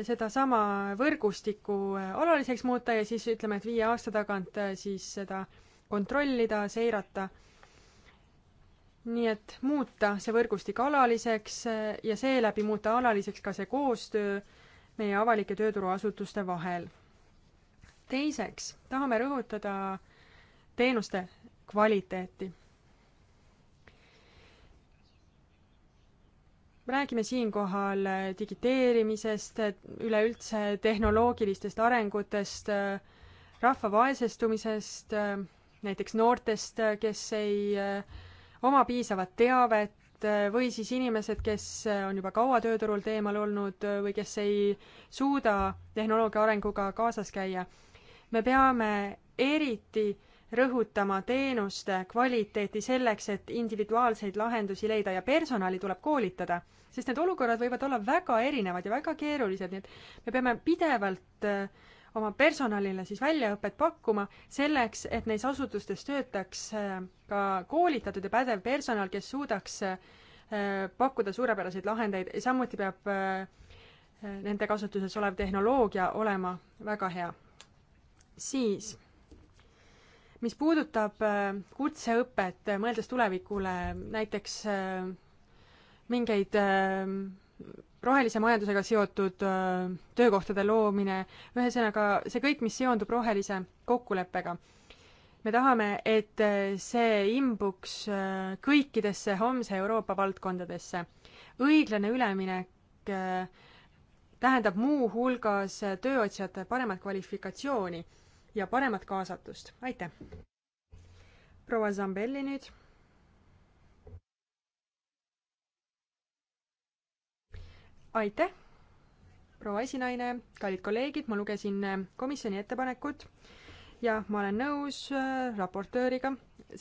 sedasama võrgustikku alaliseks muuta ja siis ütleme, et viie aasta tagant äh, siis seda kontrollida, seirata. nii et muuta see võrgustik alaliseks äh, ja seeläbi muuta alaliseks ka see koostöö meie avalike tööturuasutuste vahel teiseks tahame rõhutada teenuste kvaliteeti. räägime siinkohal digiteerimisest, üleüldse tehnoloogilistest arengutest, rahva vaesestumisest, näiteks noortest, kes ei eh, oma piisavat teavet eh, või siis inimesed, kes on juba kaua tööturult eemal olnud eh, või kes ei suuda tehnoloogia arenguga kaasas käia me peame eriti rõhutama teenuste kvaliteeti selleks, et individuaalseid lahendusi leida ja personali tuleb koolitada, sest need olukorrad võivad olla väga erinevad ja väga keerulised, nii et me peame pidevalt äh, oma personalile siis väljaõpet pakkuma selleks, et neis asutustes töötaks äh, ka koolitatud ja pädev personal, kes suudaks äh, pakkuda suurepäraseid lahendeid, samuti peab nende kasutuses olev tehnoloogia olema väga hea siis, mis puudutab äh, kutseõpet, äh, mõeldes tulevikule, näiteks äh, mingeid rohelise majandusega seotud töökohtade loomine, ühesõnaga see kõik, mis seondub rohelise kokkuleppega. me tahame, et see imbuks kõikidesse homse Euroopa valdkondadesse. õiglane üleminek tähendab muuhulgas tööotsijate paremat kvalifikatsiooni ja paremat kaasatust, aitäh! proua Zambelli nüüd. aitäh, proua esinaine, kallid kolleegid, ma lugesin äh, komisjoni ettepanekut ja ma olen nõus äh, raportööriga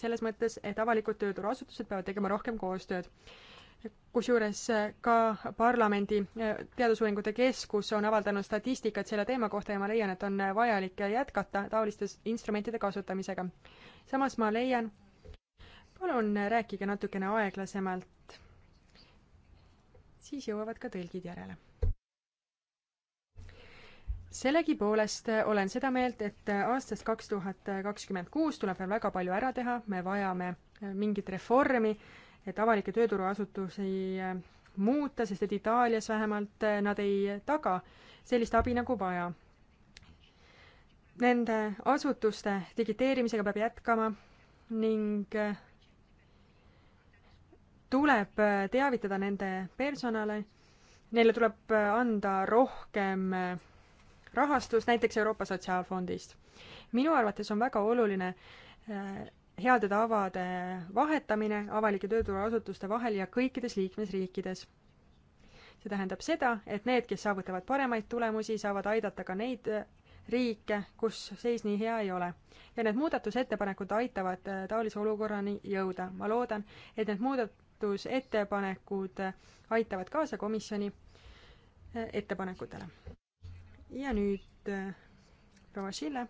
selles mõttes, et avalikud tööturuasutused peavad tegema rohkem koostööd kusjuures eh, ka parlamendi eh, Teadusuuringute Keskus on avaldanud statistikat selle teema kohta ja ma leian, et on eh, vajalik jätkata taoliste instrumentide kasutamisega. samas ma leian, palun rääkige natukene aeglasemalt, siis jõuavad ka tõlgid järele. sellegipoolest olen seda meelt, et aastast kaks tuhat kakskümmend kuus tuleb veel väga palju ära teha, me vajame mingit reformi et avalikke tööturuasutusi äh, muuta, sest et Itaalias vähemalt äh, nad ei taga sellist abi nagu vaja. Nende asutuste digiteerimisega peab jätkama ning äh, tuleb teavitada nende personale, neile tuleb anda rohkem rahastust, näiteks Euroopa Sotsiaalfondist. minu arvates on väga oluline heade tavade vahetamine avalike tööturuasutuste vahel ja kõikides liikmesriikides. see tähendab seda, et need, kes saavutavad paremaid tulemusi, saavad aidata ka neid riike, kus seis nii hea ei ole. ja need muudatusettepanekud aitavad äh, taolise olukorrani jõuda. ma loodan, et need muudatusettepanekud äh, aitavad kaasa komisjoni äh, ettepanekutele. ja nüüd proua Schille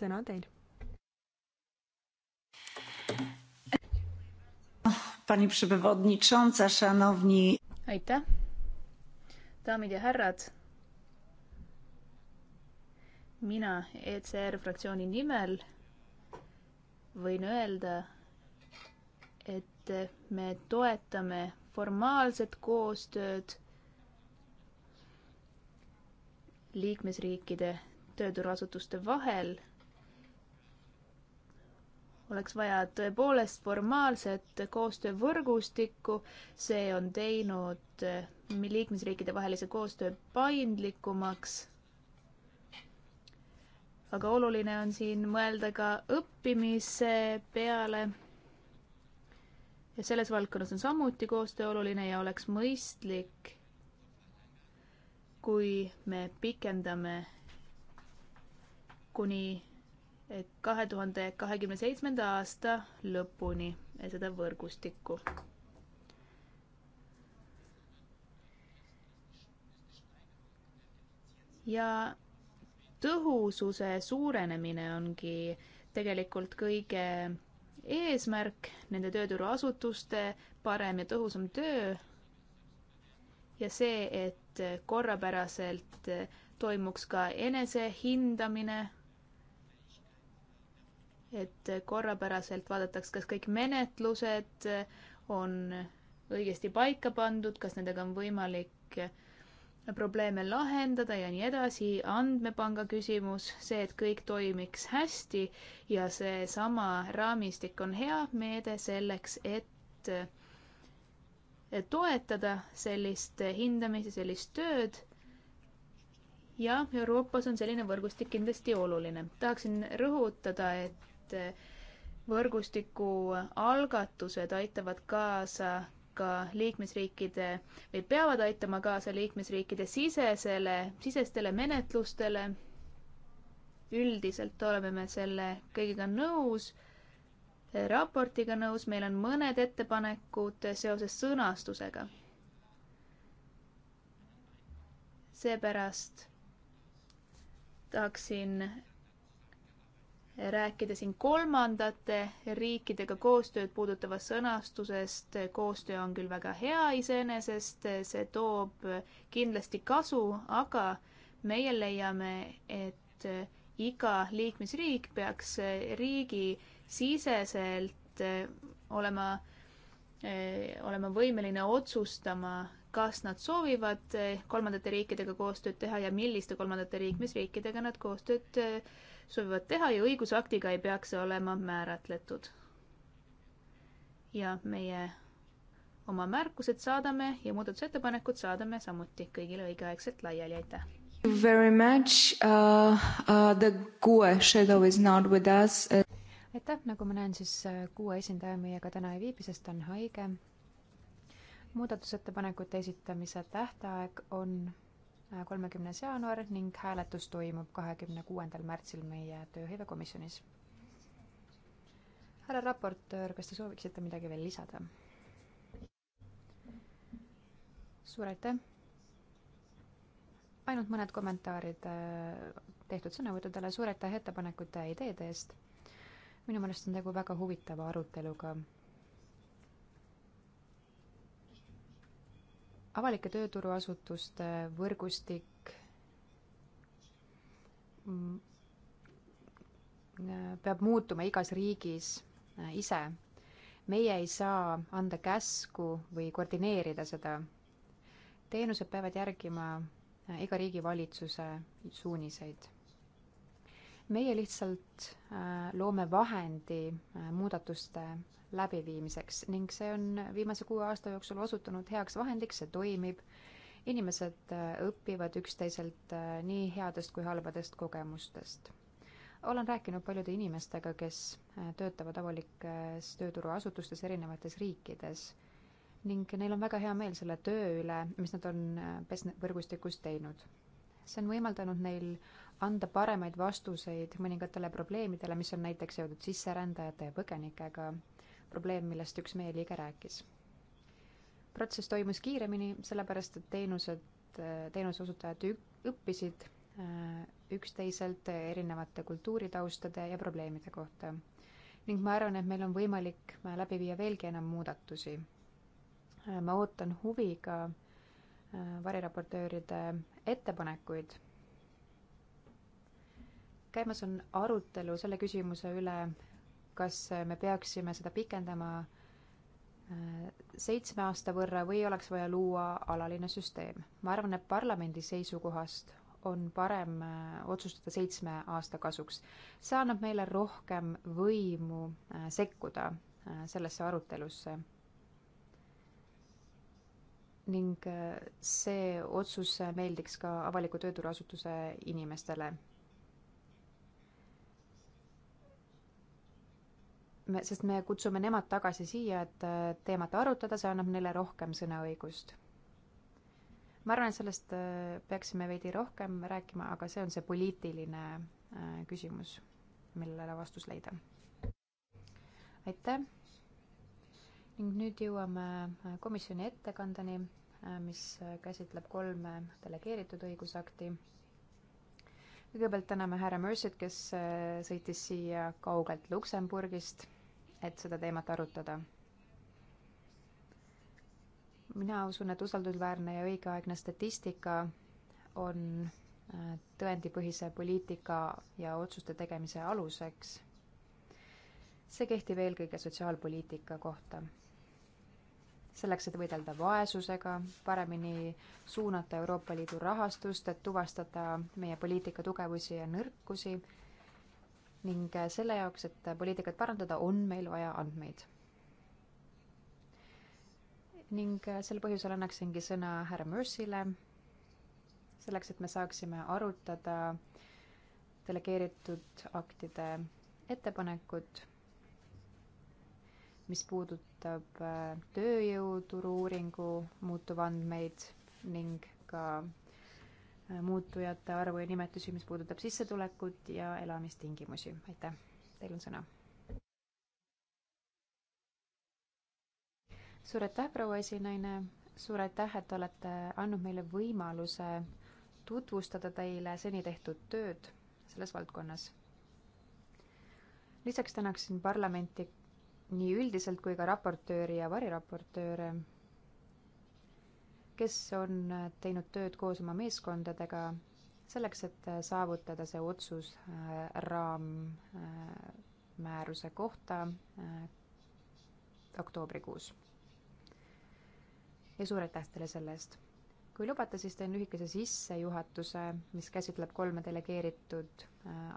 sõna on teil. aitäh, daamid ja härrad. mina ECR fraktsiooni nimel võin öelda, et me toetame formaalset koostööd liikmesriikide tööturuasutuste vahel oleks vaja tõepoolest formaalset koostöövõrgustikku, see on teinud eh, liikmesriikide vahelise koostöö paindlikumaks. aga oluline on siin mõelda ka õppimise peale. ja selles valdkonnas on samuti koostöö oluline ja oleks mõistlik, kui me pikendame kuni kahe tuhande kahekümne seitsmenda aasta lõpuni seda võrgustikku. ja tõhususe suurenemine ongi tegelikult kõige eesmärk, nende tööturuasutuste parem ja tõhusam töö ja see, et korrapäraselt toimuks ka enesehindamine et korrapäraselt vaadataks, kas kõik menetlused on õigesti paika pandud, kas nendega on võimalik probleeme lahendada ja nii edasi, andmepanga küsimus, see, et kõik toimiks hästi ja seesama raamistik on hea meede selleks, et toetada sellist hindamist ja sellist tööd jah, Euroopas on selline võrgustik kindlasti oluline. tahaksin rõhutada, et et võrgustiku algatused aitavad kaasa ka liikmesriikide või peavad aitama kaasa liikmesriikide sisesele, sisestele menetlustele. üldiselt oleme me selle kõigega nõus, raportiga nõus, meil on mõned ettepanekud seoses sõnastusega. seepärast tahaksin rääkida siin kolmandate riikidega koostööd puudutavast sõnastusest. koostöö on küll väga hea iseenesest, see toob kindlasti kasu, aga meie leiame, et iga liikmesriik peaks riigisiseselt eh, olema, eh, olema võimeline otsustama, kas nad soovivad eh, kolmandate riikidega koostööd teha ja milliste kolmandate liikmesriikidega nad koostööd soovivad teha ja õigusaktiga ei peaks see olema määratletud. ja meie oma märkused saadame ja muudatusettepanekud saadame samuti kõigile õigeaegselt laiali, aitäh! Very much uh,. Uh, the GUE shadow is not with us uh aitäh, nagu ma näen, siis kuue uh, esindaja meiega täna ei viibi, sest ta on haige. muudatusettepanekute esitamise tähtaeg on kolmekümnes jaanuar ning hääletus toimub kahekümne kuuendal märtsil meie tööhõivekomisjonis. härra raportöör, kas te sooviksite midagi veel lisada? suur aitäh! ainult mõned kommentaarid äh, tehtud sõnavõttudele, suur aitäh ettepanekute ja ideede eest! minu meelest on tegu väga huvitava aruteluga avalike tööturuasutuste võrgustik mm, peab muutuma igas riigis äh, ise. meie ei saa anda käsku või koordineerida seda. teenused peavad järgima äh, iga riigi valitsuse suuniseid. meie lihtsalt äh, loome vahendi muudatuste läbiviimiseks ning see on viimase kuue aasta jooksul osutunud heaks vahendiks, see toimib. inimesed äh, õpivad üksteiselt äh, nii headest kui halbadest kogemustest. olen rääkinud paljude inimestega, kes äh, töötavad avalikes tööturuasutustes erinevates riikides ning neil on väga hea meel selle töö üle, mis nad on PES võrgustikus teinud. see on võimaldanud neil anda paremaid vastuseid mõningatele probleemidele, mis on näiteks seotud sisserändajate ja põgenikega probleem, millest üks meie liige rääkis. protsess toimus kiiremini, sellepärast et teenused, teenuseosutajad õppisid äh, üksteiselt erinevate kultuuritaustade ja probleemide kohta. ning ma arvan, et meil on võimalik äh, läbi viia veelgi enam muudatusi. Äh, ma ootan huviga variraportööride ettepanekuid käimas on arutelu selle küsimuse üle, kas me peaksime seda pikendama äh, seitsme aasta võrra või oleks vaja luua alaline süsteem. ma arvan, et parlamendi seisukohast on parem äh, otsustada seitsme aasta kasuks. see annab meile rohkem võimu äh, sekkuda sellesse arutelusse. ning see otsus meeldiks ka avaliku tööturuasutuse inimestele me, sest me kutsume nemad tagasi siia, et äh, teemat arutada, see annab neile rohkem sõnaõigust. ma arvan, et sellest äh, peaksime veidi rohkem rääkima, aga see on see poliitiline äh, küsimus, millele vastus leida. aitäh! ning nüüd jõuame komisjoni ettekandeni, mis käsitleb kolme delegeeritud õigusakti kõigepealt täname härra Mercet, kes äh, sõitis siia kaugelt Luksemburgist, et seda teemat arutada. mina usun, et usaldusväärne ja õigeaegne statistika on äh, tõendipõhise poliitika ja otsuste tegemise aluseks. see kehtib eelkõige sotsiaalpoliitika kohta selleks, et võidelda vaesusega, paremini suunata Euroopa Liidu rahastust, et tuvastada meie poliitika tugevusi ja nõrkusi ning selle jaoks, et poliitikat parandada, on meil vaja andmeid. ning sel põhjusel annaksingi sõna härra Mercy'le, selleks, et me saaksime arutada delegeeritud aktide ettepanekut mis puudutab äh, tööjõuturu uuringu muutuvandmeid ning ka äh, muutujate arvu ja nimetusi, mis puudutab sissetulekut ja elamistingimusi. aitäh, teil on sõna. suur aitäh, proua esinaine, suur aitäh, et olete andnud meile võimaluse tutvustada teile seni tehtud tööd selles valdkonnas. lisaks tänaksin parlamenti nii üldiselt kui ka raportööri ja variraportööre, kes on teinud tööd koos oma meeskondadega selleks, et saavutada see otsus äh, raammääruse äh, kohta äh, oktoobrikuus. ja suur aitäh teile selle eest! kui lubate, siis teen lühikese sissejuhatuse, mis käsitleb kolme delegeeritud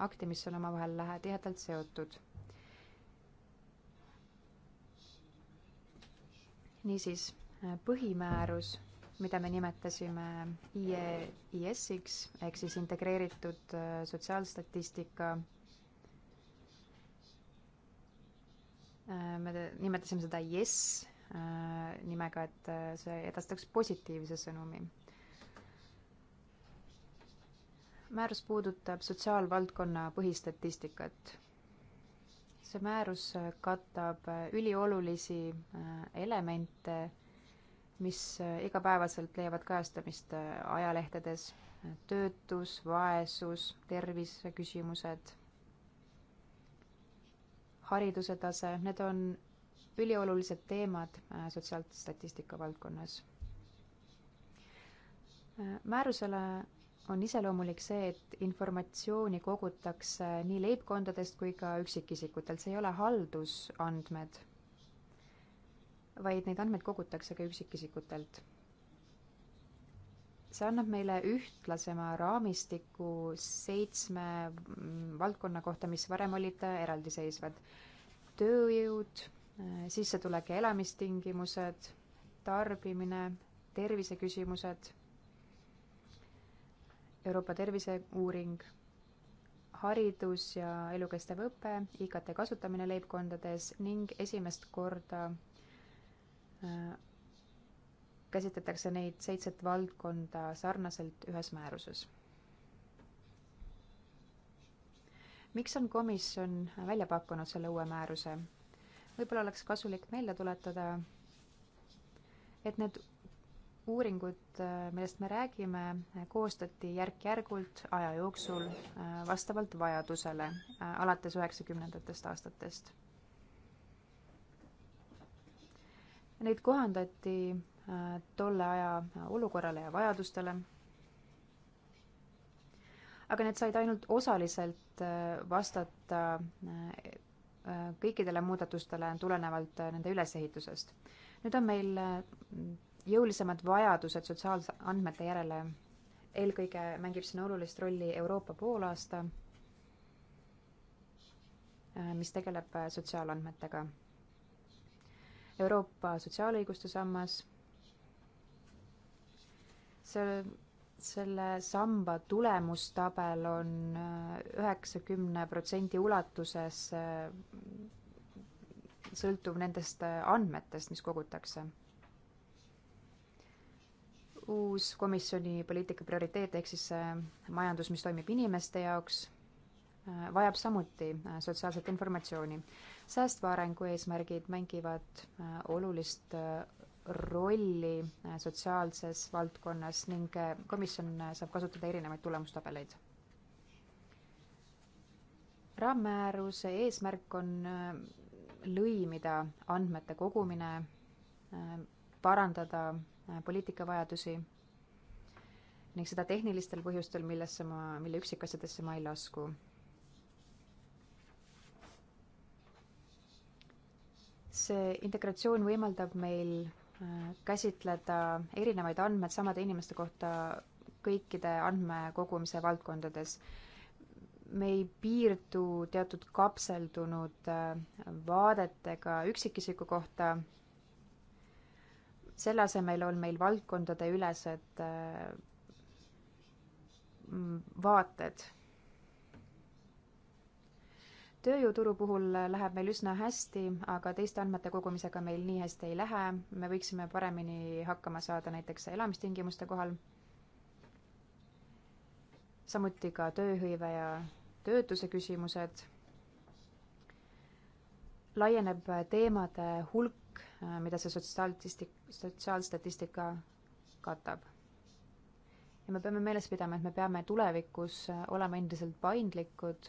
akti, mis on omavahel tihedalt seotud niisiis, äh, põhimäärus, mida me nimetasime IEIS-iks ehk siis integreeritud äh, sotsiaalstatistika äh, me nimetasime seda Yes nimega, et see edastaks positiivse sõnumi. määrus puudutab sotsiaalvaldkonna põhistatistikat see määrus katab üliolulisi äh, elemente, mis äh, igapäevaselt leiavad kajastamist äh, ajalehtedes. töötus, vaesus, terviseküsimused, hariduse tase, need on üliolulised teemad sotsiaalstatistika valdkonnas. määrusele on iseloomulik see, et informatsiooni kogutakse nii leibkondadest kui ka üksikisikutelt, see ei ole haldusandmed, vaid neid andmeid kogutakse ka üksikisikutelt. see annab meile ühtlasema raamistiku seitsme valdkonna kohta, mis varem olid eraldiseisvad. tööjõud, sissetulek ja elamistingimused, tarbimine, terviseküsimused Euroopa terviseuuring, haridus ja elukestev õpe, IKT kasutamine leibkondades ning esimest korda äh, käsitletakse neid seitset valdkonda sarnaselt ühes määruses. miks on komisjon välja pakkunud selle uue määruse? võib-olla oleks kasulik meelde tuletada, et need uuringut, äh, millest me räägime, koostati järk-järgult aja jooksul äh, vastavalt vajadusele, äh, alates üheksakümnendatest aastatest. Neid kohandati tolle aja olukorrale ja vajadustele. aga need said ainult osaliselt vastata kõikidele muudatustele tulenevalt nende ülesehitusest. nüüd on meil jõulisemad vajadused sotsiaalse andmete järele. eelkõige mängib siin olulist rolli Euroopa poolaasta, äh, mis tegeleb äh, sotsiaalandmetega. Euroopa sotsiaalõiguste sammas, see, selle samba tulemustabel on äh, üheksakümne protsendi ulatuses sõltuv nendest andmetest, mis kogutakse uus komisjoni poliitika prioriteet ehk siis majandus, mis toimib inimeste jaoks, äh, vajab samuti äh, sotsiaalset informatsiooni. säästva arengu eesmärgid mängivad äh, olulist rolli sotsiaalses valdkonnas ning komisjon saab kasutada erinevaid tulemustabeleid. raammääruse eesmärk on lõimida andmete kogumine, parandada Äh, poliitikavajadusi ning seda tehnilistel põhjustel, millesse ma, mille üksikasjadesse ma ei lasku. see integratsioon võimaldab meil äh, käsitleda erinevaid andmeid samade inimeste kohta kõikide andmekogumise valdkondades. me ei piirdu teatud kapseldunud äh, vaadetega üksikisiku kohta selle asemel on meil valdkondadeülesed äh, vaated. tööjõuturu puhul läheb meil üsna hästi, aga teiste andmete kogumisega meil nii hästi ei lähe. me võiksime paremini hakkama saada näiteks elamistingimuste kohal. samuti ka tööhõive ja töötuse küsimused. laieneb teemade hulk kõik, äh, mida see sotsiaalstatistik, sotsiaalstatistika katab. ja me peame meeles pidama, et me peame tulevikus äh, olema endiselt paindlikud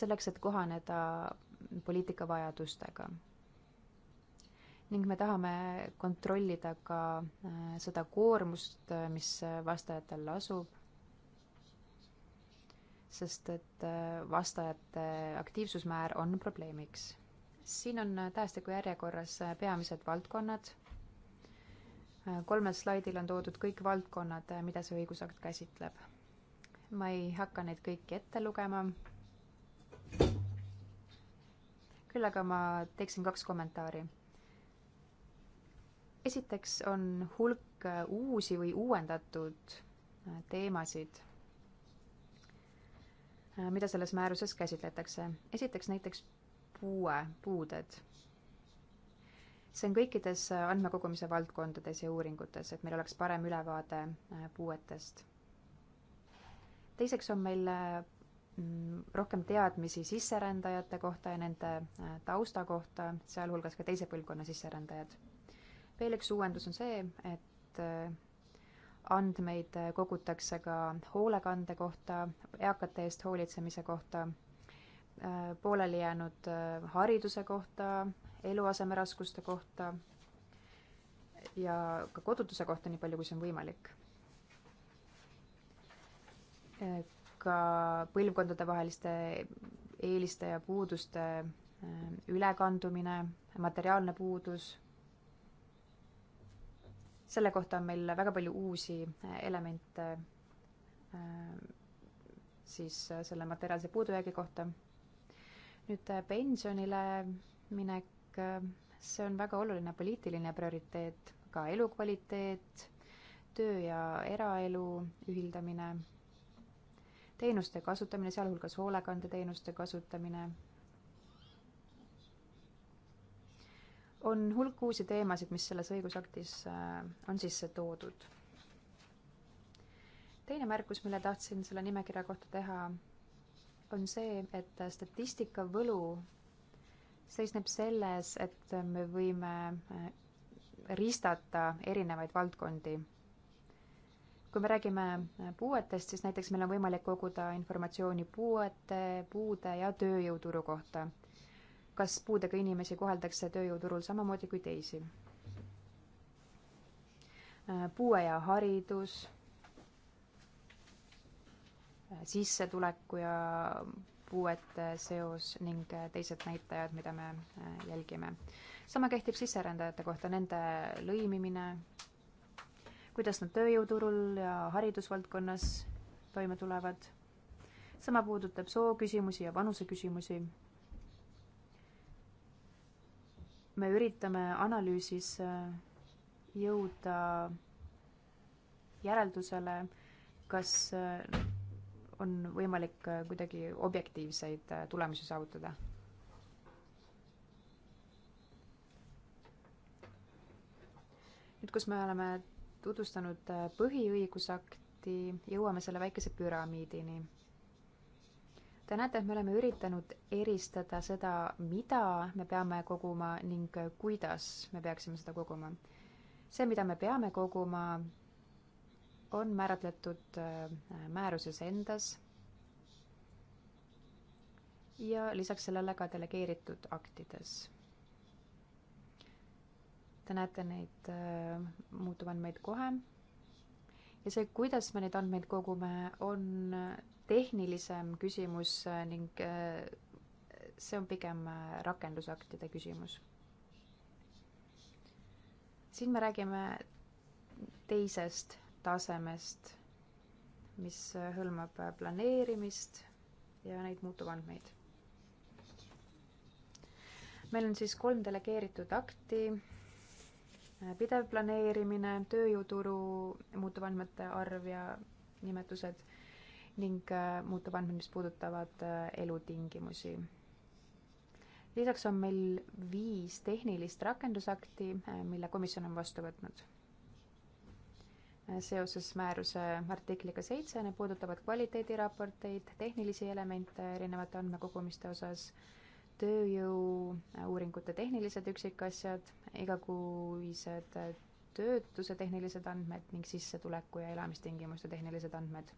selleks, et kohaneda poliitika vajadustega. ning me tahame kontrollida ka äh, seda koormust, mis vastajatel lasub, sest et vastajate aktiivsusmäär on probleemiks siin on tähestiku järjekorras peamised valdkonnad. kolmel slaidil on toodud kõik valdkonnad, mida see õigusakt käsitleb. ma ei hakka neid kõiki ette lugema. küll aga ma teeksin kaks kommentaari. esiteks on hulk uusi või uuendatud teemasid mida selles määruses käsitletakse. esiteks näiteks puue, puuded. see on kõikides andmekogumise valdkondades ja uuringutes, et meil oleks parem ülevaade äh, puuetest. teiseks on meil mm, rohkem teadmisi sisserändajate kohta ja nende äh, tausta kohta, sealhulgas ka teise põlvkonna sisserändajad. veel üks uuendus on see, et äh, andmeid kogutakse ka hoolekande kohta, eakate eest hoolitsemise kohta Äh, pooleli jäänud äh, hariduse kohta, eluasemeraskuste kohta ja ka kodutuse kohta, nii palju kui see on võimalik. Äh, ka põlvkondadevaheliste eeliste ja puuduste ülekandumine, materiaalne puudus. selle kohta on meil väga palju uusi elemente siis selle materiaalse puudujäägi kohta nüüd äh, pensionile minek, äh, see on väga oluline poliitiline prioriteet, ka elukvaliteet, töö ja eraelu ühildamine, teenuste kasutamine, sealhulgas hoolekandeteenuste kasutamine. on hulk uusi teemasid, mis selles õigusaktis äh, on sisse toodud. teine märkus, mille tahtsin selle nimekirja kohta teha, on see, et statistika võlu seisneb selles, et me võime äh, ristata erinevaid valdkondi. kui me räägime äh, puuetest, siis näiteks meil on võimalik koguda informatsiooni puuete, puude ja tööjõuturu kohta. kas puudega inimesi koheldakse tööjõuturul samamoodi kui teisi? Äh, puue ja haridus sissetuleku ja puuete seos ning teised näitajad, mida me äh, jälgime. sama kehtib sisserändajate kohta, nende lõimimine, kuidas nad tööjõuturul ja haridusvaldkonnas toime tulevad. sama puudutab sooküsimusi ja vanuseküsimusi. me üritame analüüsis äh, jõuda järeldusele, kas äh, on võimalik äh, kuidagi objektiivseid äh, tulemusi saavutada? nüüd, kus me oleme tutvustanud äh, põhiõigusakti, jõuame selle väikese püramiidini. Te näete, et me oleme üritanud eristada seda, mida me peame koguma ning kuidas me peaksime seda koguma. see, mida me peame koguma, on määratletud äh, määruses endas ja lisaks sellele ka delegeeritud aktides. Te näete neid äh, muutuvandmeid kohe. ja see, kuidas me neid andmeid kogume, on tehnilisem küsimus äh, ning see on pigem rakendusaktide küsimus. siin me räägime teisest tasemest, mis hõlmab planeerimist ja neid muutuvandmeid. meil on siis kolm delegeeritud akti, pidev planeerimine, tööjõuturu muutuvandmete arv ja nimetused ning äh, muutuvandmed, mis puudutavad äh, elutingimusi. lisaks on meil viis tehnilist rakendusakti, äh, mille komisjon on vastu võtnud seoses määruse artikliga seitse, need puudutavad kvaliteediraporteid, tehnilisi elemente erinevate andmekogumiste osas, tööjõu-uuringute tehnilised üksikasjad, igakuised töötuse tehnilised andmed ning sissetuleku ja elamistingimuste tehnilised andmed.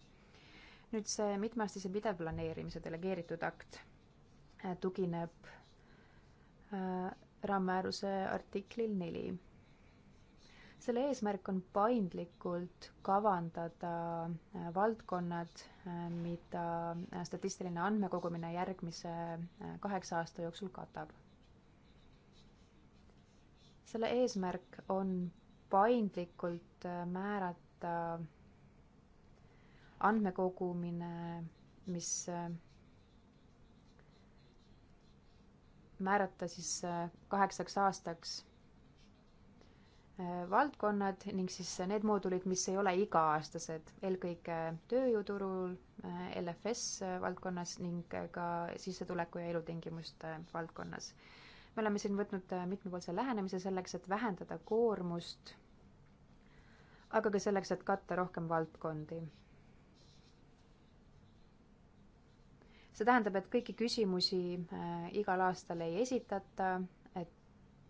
nüüd see mitmeaastase pidev planeerimise delegeeritud akt tugineb äh, raammääruse artiklil neli selle eesmärk on paindlikult kavandada äh, valdkonnad, äh, mida äh, statistiline andmekogumine järgmise kaheksa aasta jooksul katab. selle eesmärk on paindlikult määrata andmekogumine, mis määrata siis kaheksaks aastaks valdkonnad ning siis need moodulid, mis ei ole iga-aastased, eelkõige tööjõuturul, LFS valdkonnas ning ka sissetuleku ja elutingimuste valdkonnas. me oleme siin võtnud mitmepoolse lähenemise selleks, et vähendada koormust, aga ka selleks, et katta rohkem valdkondi. see tähendab, et kõiki küsimusi äh, igal aastal ei esitata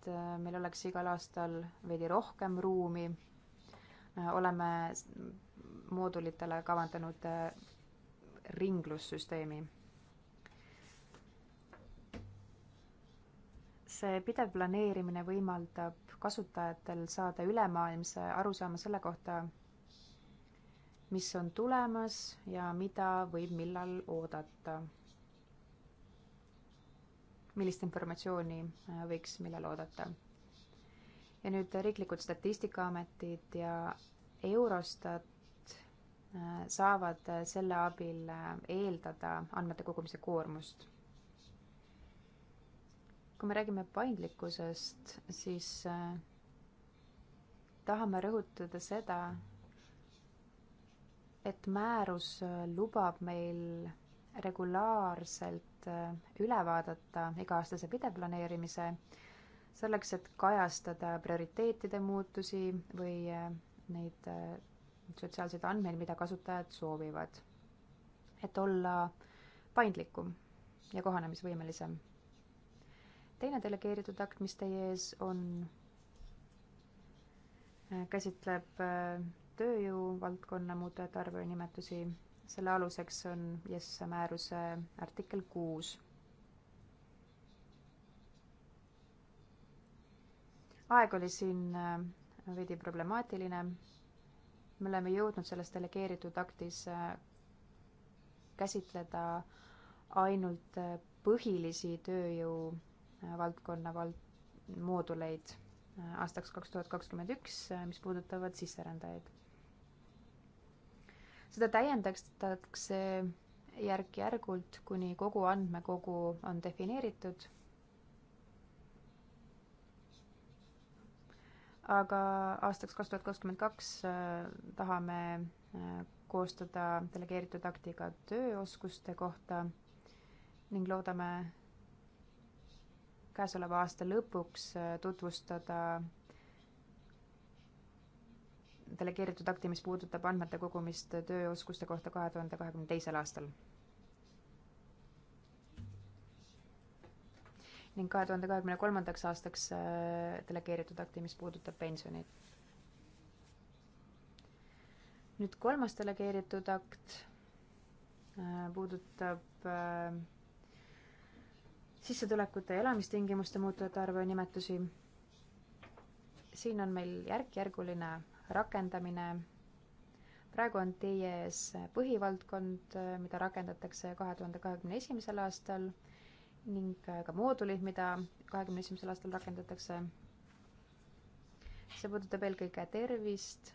et äh, meil oleks igal aastal veidi rohkem ruumi. Äh, oleme moodulitele kavandanud äh, ringlussüsteemi. see pidev planeerimine võimaldab kasutajatel saada ülemaailmse arusaama selle kohta, mis on tulemas ja mida võib millal oodata millist informatsiooni äh, võiks millal oodata. ja nüüd riiklikud statistikaametid ja Eurostat äh, saavad äh, selle abil eeldada andmete kogumise koormust. kui me räägime paindlikkusest, siis tahame rõhutada seda, et määrus lubab meil regulaarselt et äh, üle vaadata iga-aastase pideplaneerimise, selleks, et kajastada prioriteetide muutusi või äh, neid äh, sotsiaalseid andmeid, mida kasutajad soovivad. et olla paindlikum ja kohanemisvõimelisem. teine delegeeritud akt, mis teie ees on, käsitleb tööjõu valdkonna muutujate arvu ja nimetusi selle aluseks on JES määruse artikkel kuus. aeg oli siin äh, veidi problemaatiline. me oleme jõudnud selles delegeeritud aktis äh, käsitleda ainult äh, põhilisi tööjõu valdkonna vald-, mooduleid aastaks kaks tuhat kakskümmend üks, mis puudutavad sisserändajaid seda täiendatakse järk-järgult, kuni kogu andmekogu on defineeritud. aga aastaks kaks tuhat kakskümmend kaks äh, tahame äh, koostada delegeeritud akti ka tööoskuste kohta ning loodame käesoleva aasta lõpuks äh, tutvustada delegeeritud akti, mis puudutab andmete kogumist tööoskuste kohta kahe tuhande kahekümne teisel aastal. ning kahe tuhande kahekümne kolmandaks aastaks äh, delegeeritud akti, mis puudutab pensioneid. nüüd kolmas delegeeritud akt äh, puudutab äh, sissetulekute ja elamistingimuste muutujate arvu ja nimetusi siin on meil järk-järguline rakendamine. praegu on teie ees põhivaldkond, mida rakendatakse kahe tuhande kahekümne esimesel aastal ning ka moodulid, mida kahekümne esimesel aastal rakendatakse. see puudutab eelkõige tervist,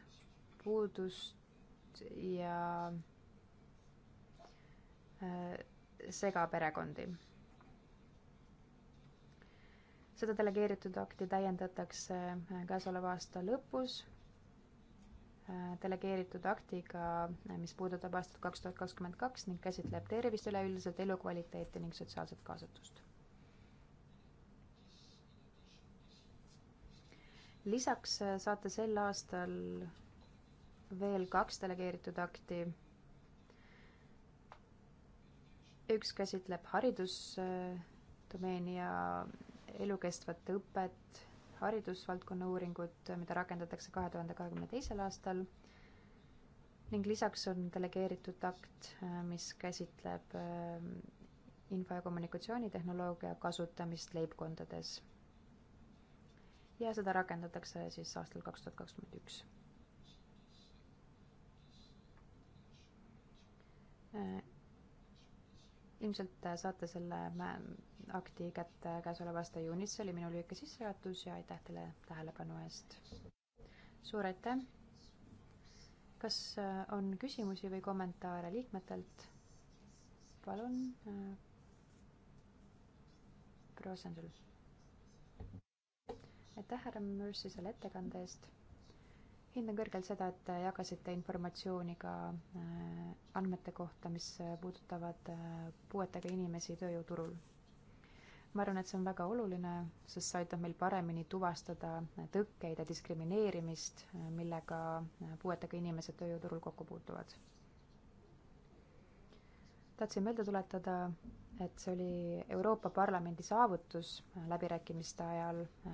puudust ja äh, segaperekondi. seda delegeeritud akti täiendatakse äh, käesoleva aasta lõpus Äh, delegeeritud aktiga, äh, mis puudutab aastat kaks tuhat kakskümmend kaks ning käsitleb tervist üleüldiselt, elukvaliteeti ning sotsiaalset kaasatust. lisaks äh, saate sel aastal veel kaks delegeeritud akti. üks käsitleb haridusdomeeni ja elukestvat õpet haridusvaldkonna uuringut, mida rakendatakse kahe tuhande kahekümne teisel aastal ning lisaks on delegeeritud akt, mis käsitleb ähm, info- ja kommunikatsioonitehnoloogia kasutamist leibkondades. ja seda rakendatakse siis aastal kaks tuhat kakskümmend üks. Uh, ilmselt äh, saate selle äh, akti kätte käesoleva aasta juunis, see oli minu lühike sissejuhatus ja aitäh teile tähelepanu eest. suur aitäh. kas äh, on küsimusi või kommentaare liikmetelt? palun. proua Sandel. aitäh, härra Mürssi, selle ettekande eest hindan kõrgelt seda, et jagasite informatsiooni ka äh, andmete kohta, mis äh, puudutavad äh, puuetega inimesi tööjõuturul. ma arvan, et see on väga oluline, sest see aitab meil paremini tuvastada tõkkeid ja diskrimineerimist, millega puuetega inimesed tööjõuturul kokku puutuvad. tahtsin meelde tuletada, et see oli Euroopa Parlamendi saavutus äh, läbirääkimiste ajal äh,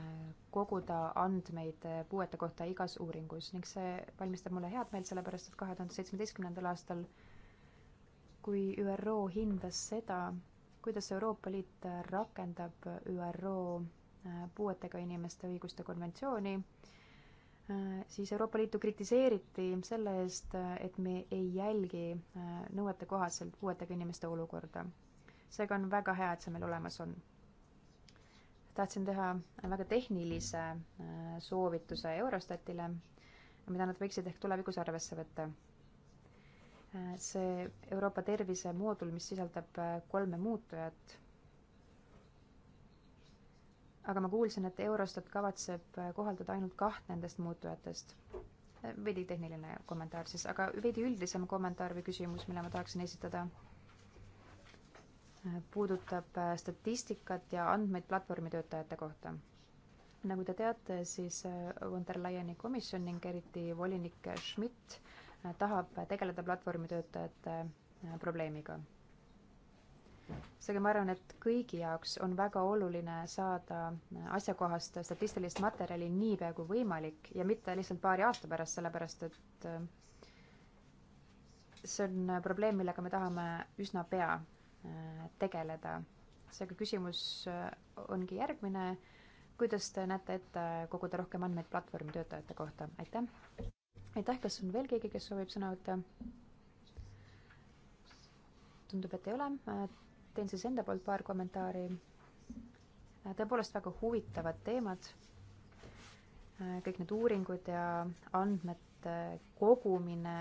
koguda andmeid äh, puuete kohta igas uuringus ning see valmistab mulle head meelt, sellepärast et kahe tuhande seitsmeteistkümnendal aastal, kui ÜRO hindas seda, kuidas Euroopa Liit rakendab ÜRO puuetega inimeste õiguste konventsiooni, siis Euroopa Liitu kritiseeriti selle eest, et me ei jälgi nõuetekohaselt puuetega inimeste olukorda seega on väga hea, et see meil olemas on. tahtsin teha väga tehnilise äh, soovituse Eurostatile, mida nad võiksid ehk tulevikus arvesse võtta. Äh, see Euroopa tervise moodul, mis sisaldab äh, kolme muutujat, aga ma kuulsin, et Eurostat kavatseb kohaldada ainult kaht nendest muutujatest veidi tehniline kommentaar siis, aga veidi üldisem kommentaar või küsimus, mille ma tahaksin esitada puudutab äh, statistikat ja andmeid platvormi töötajate kohta. nagu te teate, siis äh, von der Leyeni komisjon ning eriti volinik Schmidt äh, tahab tegeleda platvormi töötajate probleemiga. seega ma arvan, et kõigi jaoks on väga oluline saada asjakohast statistilist materjali niipea kui võimalik ja mitte lihtsalt paari aasta pärast, sellepärast et see on probleem, millega me tahame üsna pea Äh, tegeleda. seega küsimus äh, ongi järgmine, kuidas te näete ette koguda rohkem andmeid platvormi töötajate kohta, aitäh! aitäh, kas on veel keegi, kes soovib sõna võtta? tundub, et ei ole, äh, teen siis enda poolt paar kommentaari. tõepoolest väga huvitavad teemad, kõik need uuringud ja andmete kogumine,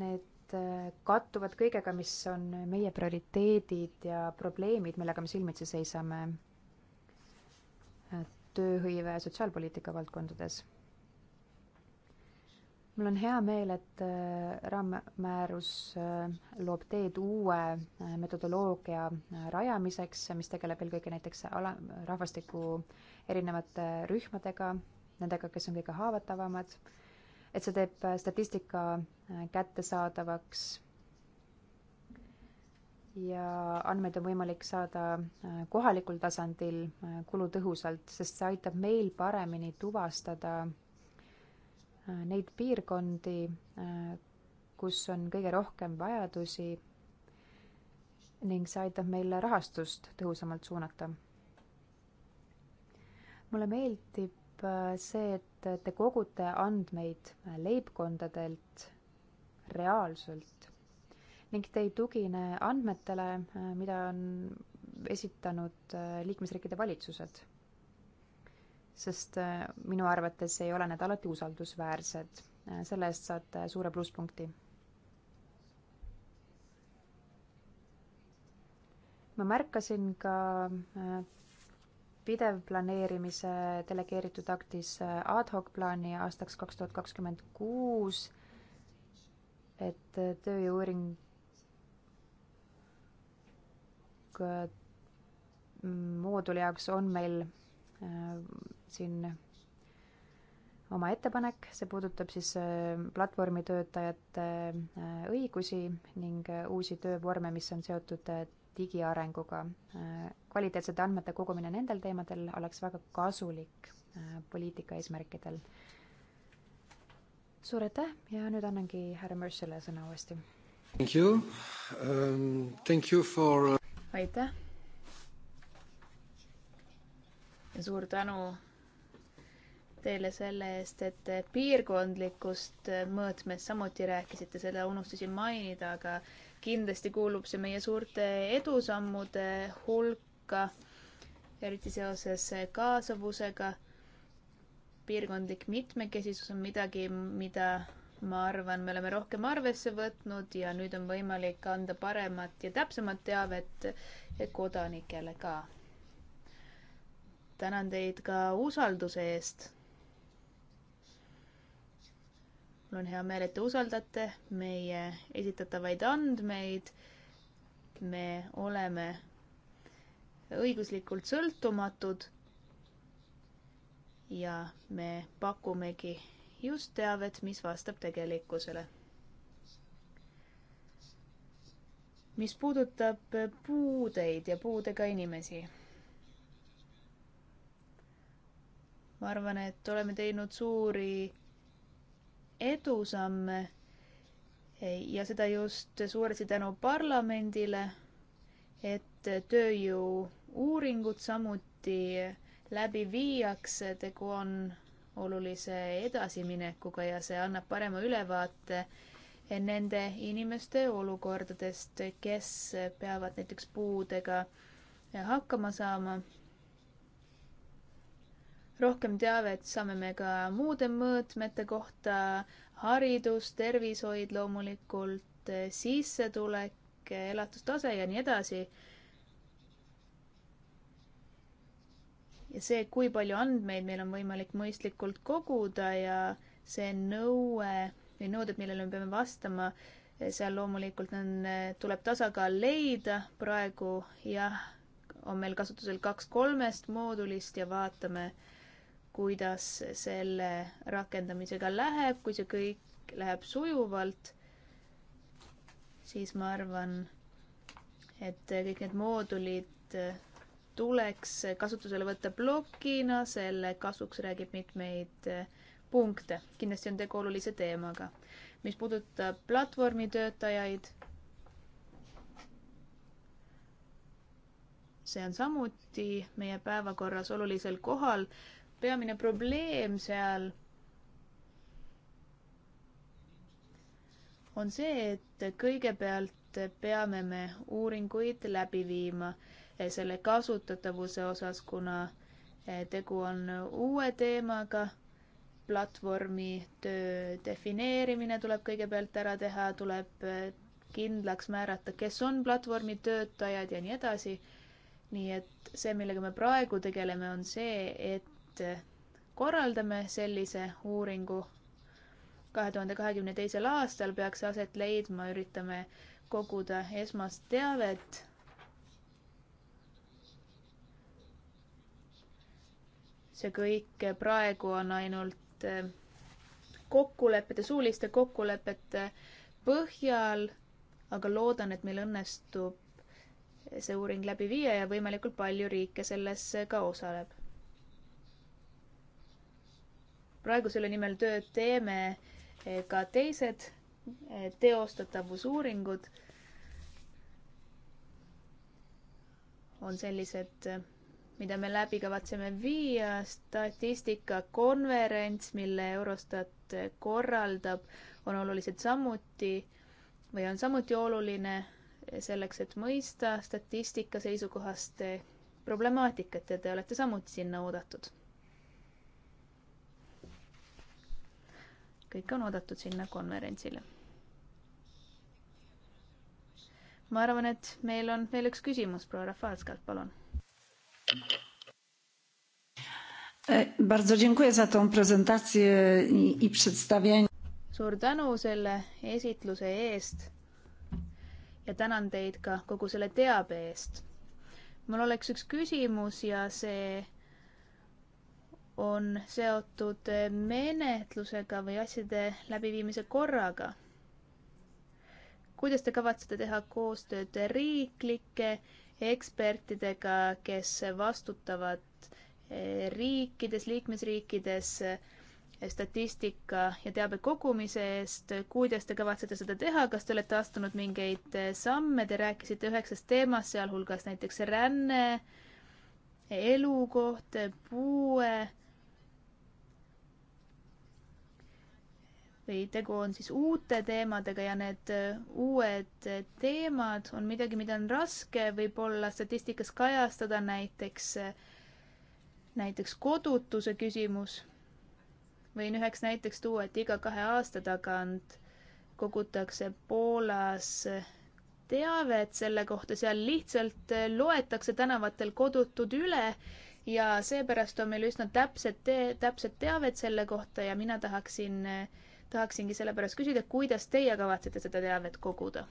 need Äh, kattuvad kõigega, mis on meie prioriteedid ja probleemid, millega me silmitsi seisame äh, tööhõive ja sotsiaalpoliitika valdkondades. mul on hea meel, et äh, raammäärus loob teed uue metodoloogia rajamiseks, mis tegeleb eelkõige näiteks ala, rahvastiku erinevate rühmadega, nendega, kes on kõige haavatavamad et see teeb äh, statistika äh, kättesaadavaks ja andmeid on võimalik saada äh, kohalikul tasandil kulutõhusalt, sest see aitab meil paremini tuvastada neid piirkondi, kus on kõige rohkem vajadusi ning see aitab meil rahastust tõhusamalt suunata. mulle meeldib see, et et te kogute andmeid leibkondadelt reaalselt ning te ei tugine andmetele, mida on esitanud äh, liikmesriikide valitsused. sest äh, minu arvates ei ole need alati usaldusväärsed. Äh, selle eest saate suure plusspunkti ma märkasin ka pidev planeerimise delegeeritud aktis äh, ad hoc plaani aastaks kaks tuhat kakskümmend kuus, et äh, tööjõu-uuring äh, mooduli jaoks on meil siin oma ettepanek, see puudutab siis platvormitöötajate õigusi ning uusi töövorme, mis on seotud digiarenguga. Äh, kvaliteetsete andmete kogumine nendel teemadel oleks väga kasulik äh, poliitika eesmärkidel. suur aitäh ja nüüd annangi härra Mörsile sõna uuesti. Thank you um,, thank you for uh, aitäh! ja suur tänu teile selle eest, et te piirkondlikust mõõtmest samuti rääkisite, selle unustasin mainida, aga kindlasti kuulub see meie suurte edusammude hulka, eriti seoses kaasavusega. piirkondlik mitmekesisus on midagi, mida ma arvan, me oleme rohkem arvesse võtnud ja nüüd on võimalik anda paremat ja täpsemat teavet kodanikele ka. tänan teid ka usalduse eest mul on hea meel, et te usaldate meie esitatavaid andmeid. me oleme õiguslikult sõltumatud. ja me pakumegi just teavet, mis vastab tegelikkusele. mis puudutab puudeid ja puudega inimesi ma arvan, et oleme teinud suuri edusamme ja seda just suuresti tänu parlamendile, et tööjõu-uuringud samuti läbi viiakse, tegu on olulise edasiminekuga ja see annab parema ülevaate nende inimeste olukordadest, kes peavad näiteks puudega hakkama saama rohkem teavet saame me ka muude mõõtmete kohta, haridus, tervishoid loomulikult, sissetulek, elatustase ja nii edasi. ja see, kui palju andmeid meil on võimalik mõistlikult koguda ja see nõue või nõuded, millele me peame vastama, seal loomulikult on, tuleb tasakaal leida, praegu jah, on meil kasutusel kaks kolmest moodulist ja vaatame äh, kuidas selle rakendamisega läheb, kui see kõik läheb sujuvalt, siis ma arvan, et kõik need moodulid tuleks kasutusele võtta plokina, selle kasuks räägib mitmeid punkte. kindlasti on tegu olulise teemaga. mis puudutab platvormi töötajaid, see on samuti meie päevakorras olulisel kohal peamine probleem seal on see, et kõigepealt peame me uuringuid läbi viima eh, selle kasutatavuse osas, kuna eh, tegu on uue teemaga. platvormi töö defineerimine tuleb kõigepealt ära teha, tuleb eh, kindlaks määrata, kes on platvormi töötajad ja nii edasi. nii et see, millega me praegu tegeleme, on see, et et korraldame sellise uuringu. kahe tuhande kahekümne teisel aastal peaks see aset leidma, üritame koguda esmast teavet. see kõik praegu on ainult äh, kokkulepete, suuliste kokkulepete põhjal, aga loodan, et meil õnnestub see uuring läbi viia ja võimalikult palju riike selles ka osaleb praegu selle nimel tööd teeme eh, ka teised eh, teostatavusuuringud on sellised, eh, mida me läbi kavatseme viia, statistikakonverents, mille Eurostat korraldab, on olulised samuti või on samuti oluline selleks, et mõista statistika seisukohast problemaatikat ja te olete samuti sinna oodatud kõik on oodatud sinna konverentsile. ma arvan, et meil on veel üks küsimus proua Rafalskalt, palun. E, bardzo dziękuję za tą prezentację i, i przedstawienie. suur tänu selle esitluse eest ja tänan teid ka kogu selle teabe eest. mul oleks üks küsimus ja see on seotud eh, menetlusega või asjade läbiviimise korraga. kuidas te kavatsete teha koostööd riiklike ekspertidega, kes vastutavad eh, riikides, liikmesriikides eh, statistika ja teabe kogumise eest, kuidas te kavatsete seda teha, kas te olete astunud mingeid samme, te rääkisite üheksast teemast, sealhulgas näiteks ränne, elukoht, puue või tegu on siis uute teemadega ja need äh, uued äh, teemad on midagi, mida on raske võib-olla statistikas kajastada, näiteks, äh, näiteks kodutuse küsimus. võin üheks näiteks tuua, et iga kahe aasta tagant kogutakse Poolas teavet selle kohta, seal lihtsalt loetakse tänavatel kodutud üle ja seepärast on meil üsna täpset, täpset teavet selle kohta ja mina tahaksin äh, tahaksingi sellepärast küsida, kuidas teie kavatsete seda teavet koguda?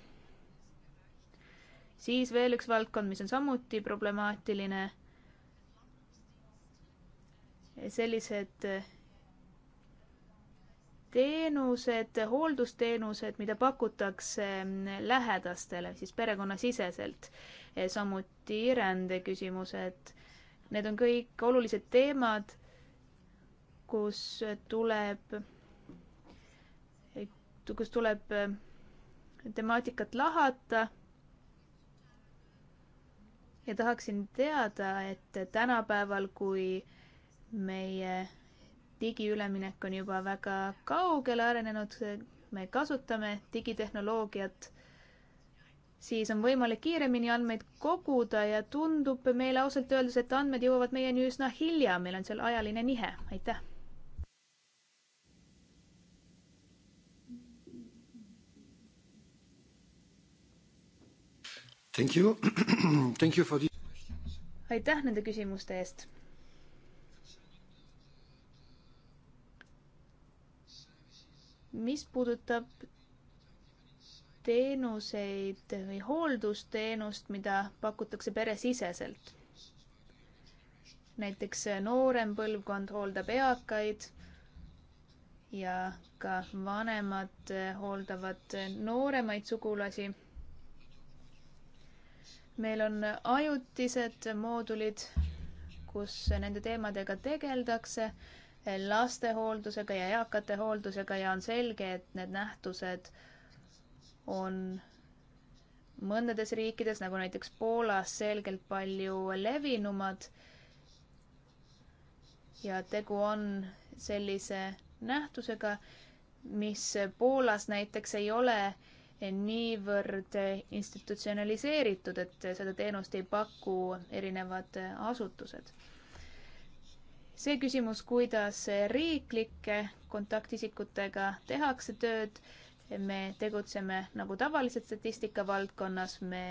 siis veel üks valdkond, mis on samuti problemaatiline. sellised teenused, hooldusteenused, mida pakutakse lähedastele, siis perekonnasiseselt, samuti rändeküsimused. Need on kõik olulised teemad, kus tuleb kus tuleb äh, temaatikat lahata. ja tahaksin teada, et tänapäeval, kui meie digiüleminek on juba väga kaugele arenenud, me kasutame digitehnoloogiat, siis on võimalik kiiremini andmeid koguda ja tundub meile ausalt öeldes, et andmed jõuavad meieni üsna hilja, meil on seal ajaline nihe, aitäh [clears throat] The... aitäh nende küsimuste eest. mis puudutab teenuseid või hooldusteenust, mida pakutakse peresiseselt. näiteks noorem põlvkond hooldab eakaid ja ka vanemad hooldavad nooremaid sugulasi meil on ajutised moodulid, kus nende teemadega tegeldakse, laste hooldusega ja eakate hooldusega ja on selge, et need nähtused on mõndades riikides, nagu näiteks Poolas, selgelt palju levinumad. ja tegu on sellise nähtusega, mis Poolas näiteks ei ole niivõrd institutsionaliseeritud, et seda teenust ei paku erinevad asutused. see küsimus, kuidas riiklike kontaktisikutega tehakse tööd, me tegutseme nagu tavaliselt statistika valdkonnas, me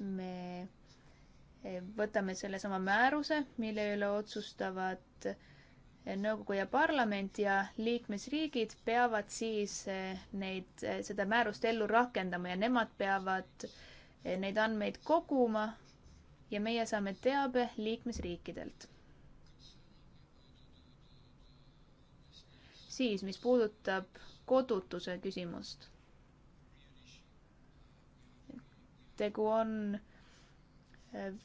me võtame sellesama määruse, mille üle otsustavad äh, nõukogu ja parlament ja liikmesriigid peavad siis eh, neid, eh, seda määrust ellu rakendama ja nemad peavad eh, neid andmeid koguma ja meie saame teabe liikmesriikidelt. siis, mis puudutab kodutuse küsimust. tegu on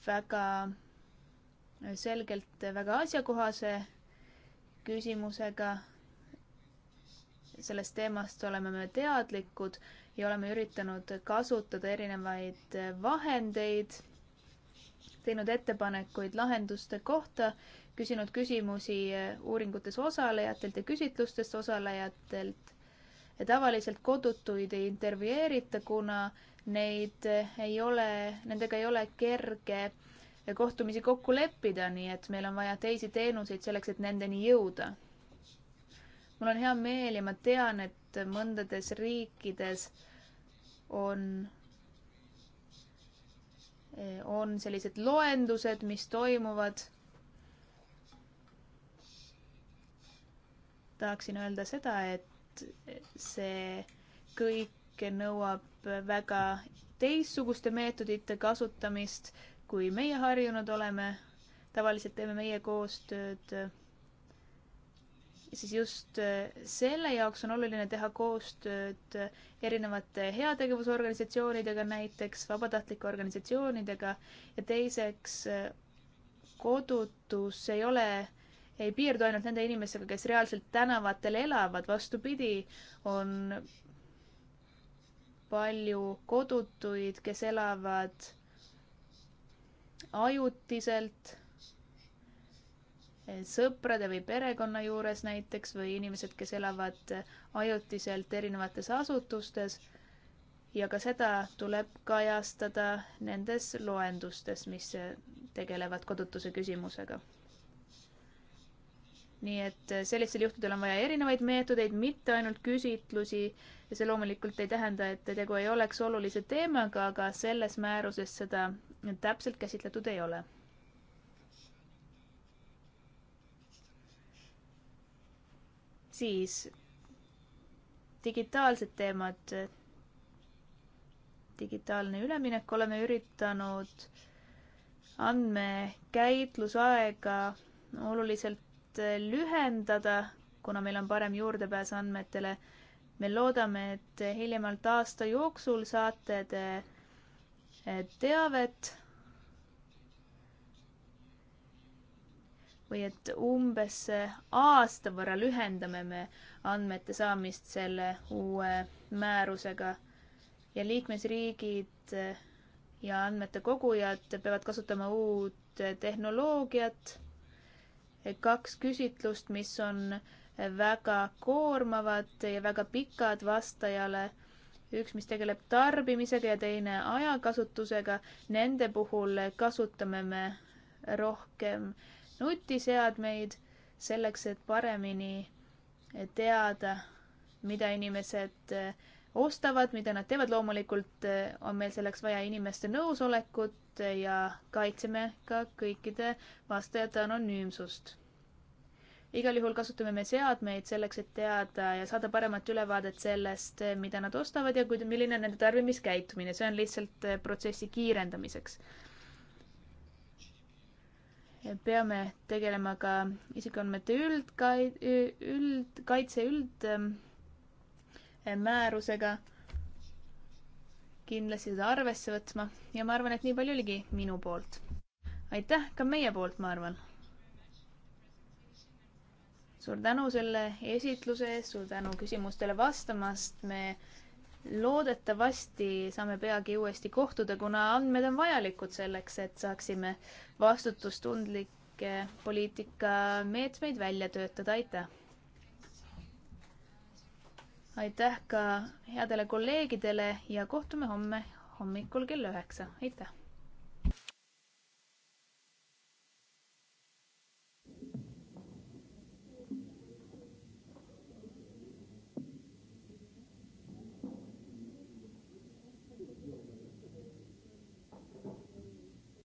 väga selgelt väga asjakohase küsimusega. sellest teemast oleme me teadlikud ja oleme üritanud kasutada erinevaid vahendeid, teinud ettepanekuid lahenduste kohta, küsinud küsimusi uuringutes osalejatelt ja küsitlustest osalejatelt. ja tavaliselt kodutuid ei intervjueerita, kuna neid ei ole, nendega ei ole kerge äh, kohtumisi kokku leppida, nii et meil on vaja teisi teenuseid selleks, et nendeni jõuda. mul on hea meel ja ma tean, et mõndades riikides on, on sellised loendused, mis toimuvad. tahaksin öelda seda, et see kõik nõuab väga teistsuguste meetodite kasutamist kui meie harjunud oleme, tavaliselt teeme meie koostööd, siis just äh, selle jaoks on oluline teha koostööd erinevate heategevusorganisatsioonidega, näiteks vabatahtlike organisatsioonidega ja teiseks äh, kodutus ei ole ei piirdu ainult nende inimestega, kes reaalselt tänavatel elavad, vastupidi, on palju kodutuid, kes elavad ajutiselt eh, sõprade või perekonna juures näiteks või inimesed, kes elavad ajutiselt erinevates asutustes. ja ka seda tuleb kajastada nendes loendustes, mis eh, tegelevad kodutuse küsimusega. nii et eh, sellistel juhtudel on vaja erinevaid meetodeid, mitte ainult küsitlusi ja see loomulikult ei tähenda, et tegu ei oleks olulise teemaga, aga selles määruses seda täpselt käsitletud ei ole. siis digitaalsed teemad, digitaalne üleminek, oleme üritanud andmekäitlusaega oluliselt lühendada, kuna meil on parem juurdepääs andmetele me loodame, et hiljemalt aasta jooksul saate te eh, teavet või et umbes aasta võrra lühendame me andmete saamist selle uue määrusega ja liikmesriigid eh, ja andmete kogujad peavad kasutama uut tehnoloogiat. kaks küsitlust, mis on väga koormavad ja väga pikad vastajale. üks, mis tegeleb tarbimisega ja teine ajakasutusega. Nende puhul kasutame me rohkem nutiseadmeid selleks, et paremini teada, mida inimesed ostavad, mida nad teevad. loomulikult on meil selleks vaja inimeste nõusolekut ja kaitseme ka kõikide vastajate anonüümsust igal juhul kasutame me seadmeid selleks, et teada ja saada paremat ülevaadet sellest, mida nad ostavad ja kuid-, milline on nende tarbimiskäitumine, see on lihtsalt eh, protsessi kiirendamiseks. peame tegelema ka isikuandmete üldkai-, üldkaitse üldmäärusega, kindlasti seda arvesse võtma ja ma arvan, et nii palju oligi minu poolt. aitäh ka meie poolt, ma arvan suur tänu selle esitluse eest, suur tänu küsimustele vastamast, me loodetavasti saame peagi uuesti kohtuda, kuna andmed on vajalikud selleks, et saaksime vastutustundlikke poliitikameetmeid välja töötada, aitäh! aitäh ka headele kolleegidele ja kohtume homme hommikul kell üheksa, aitäh!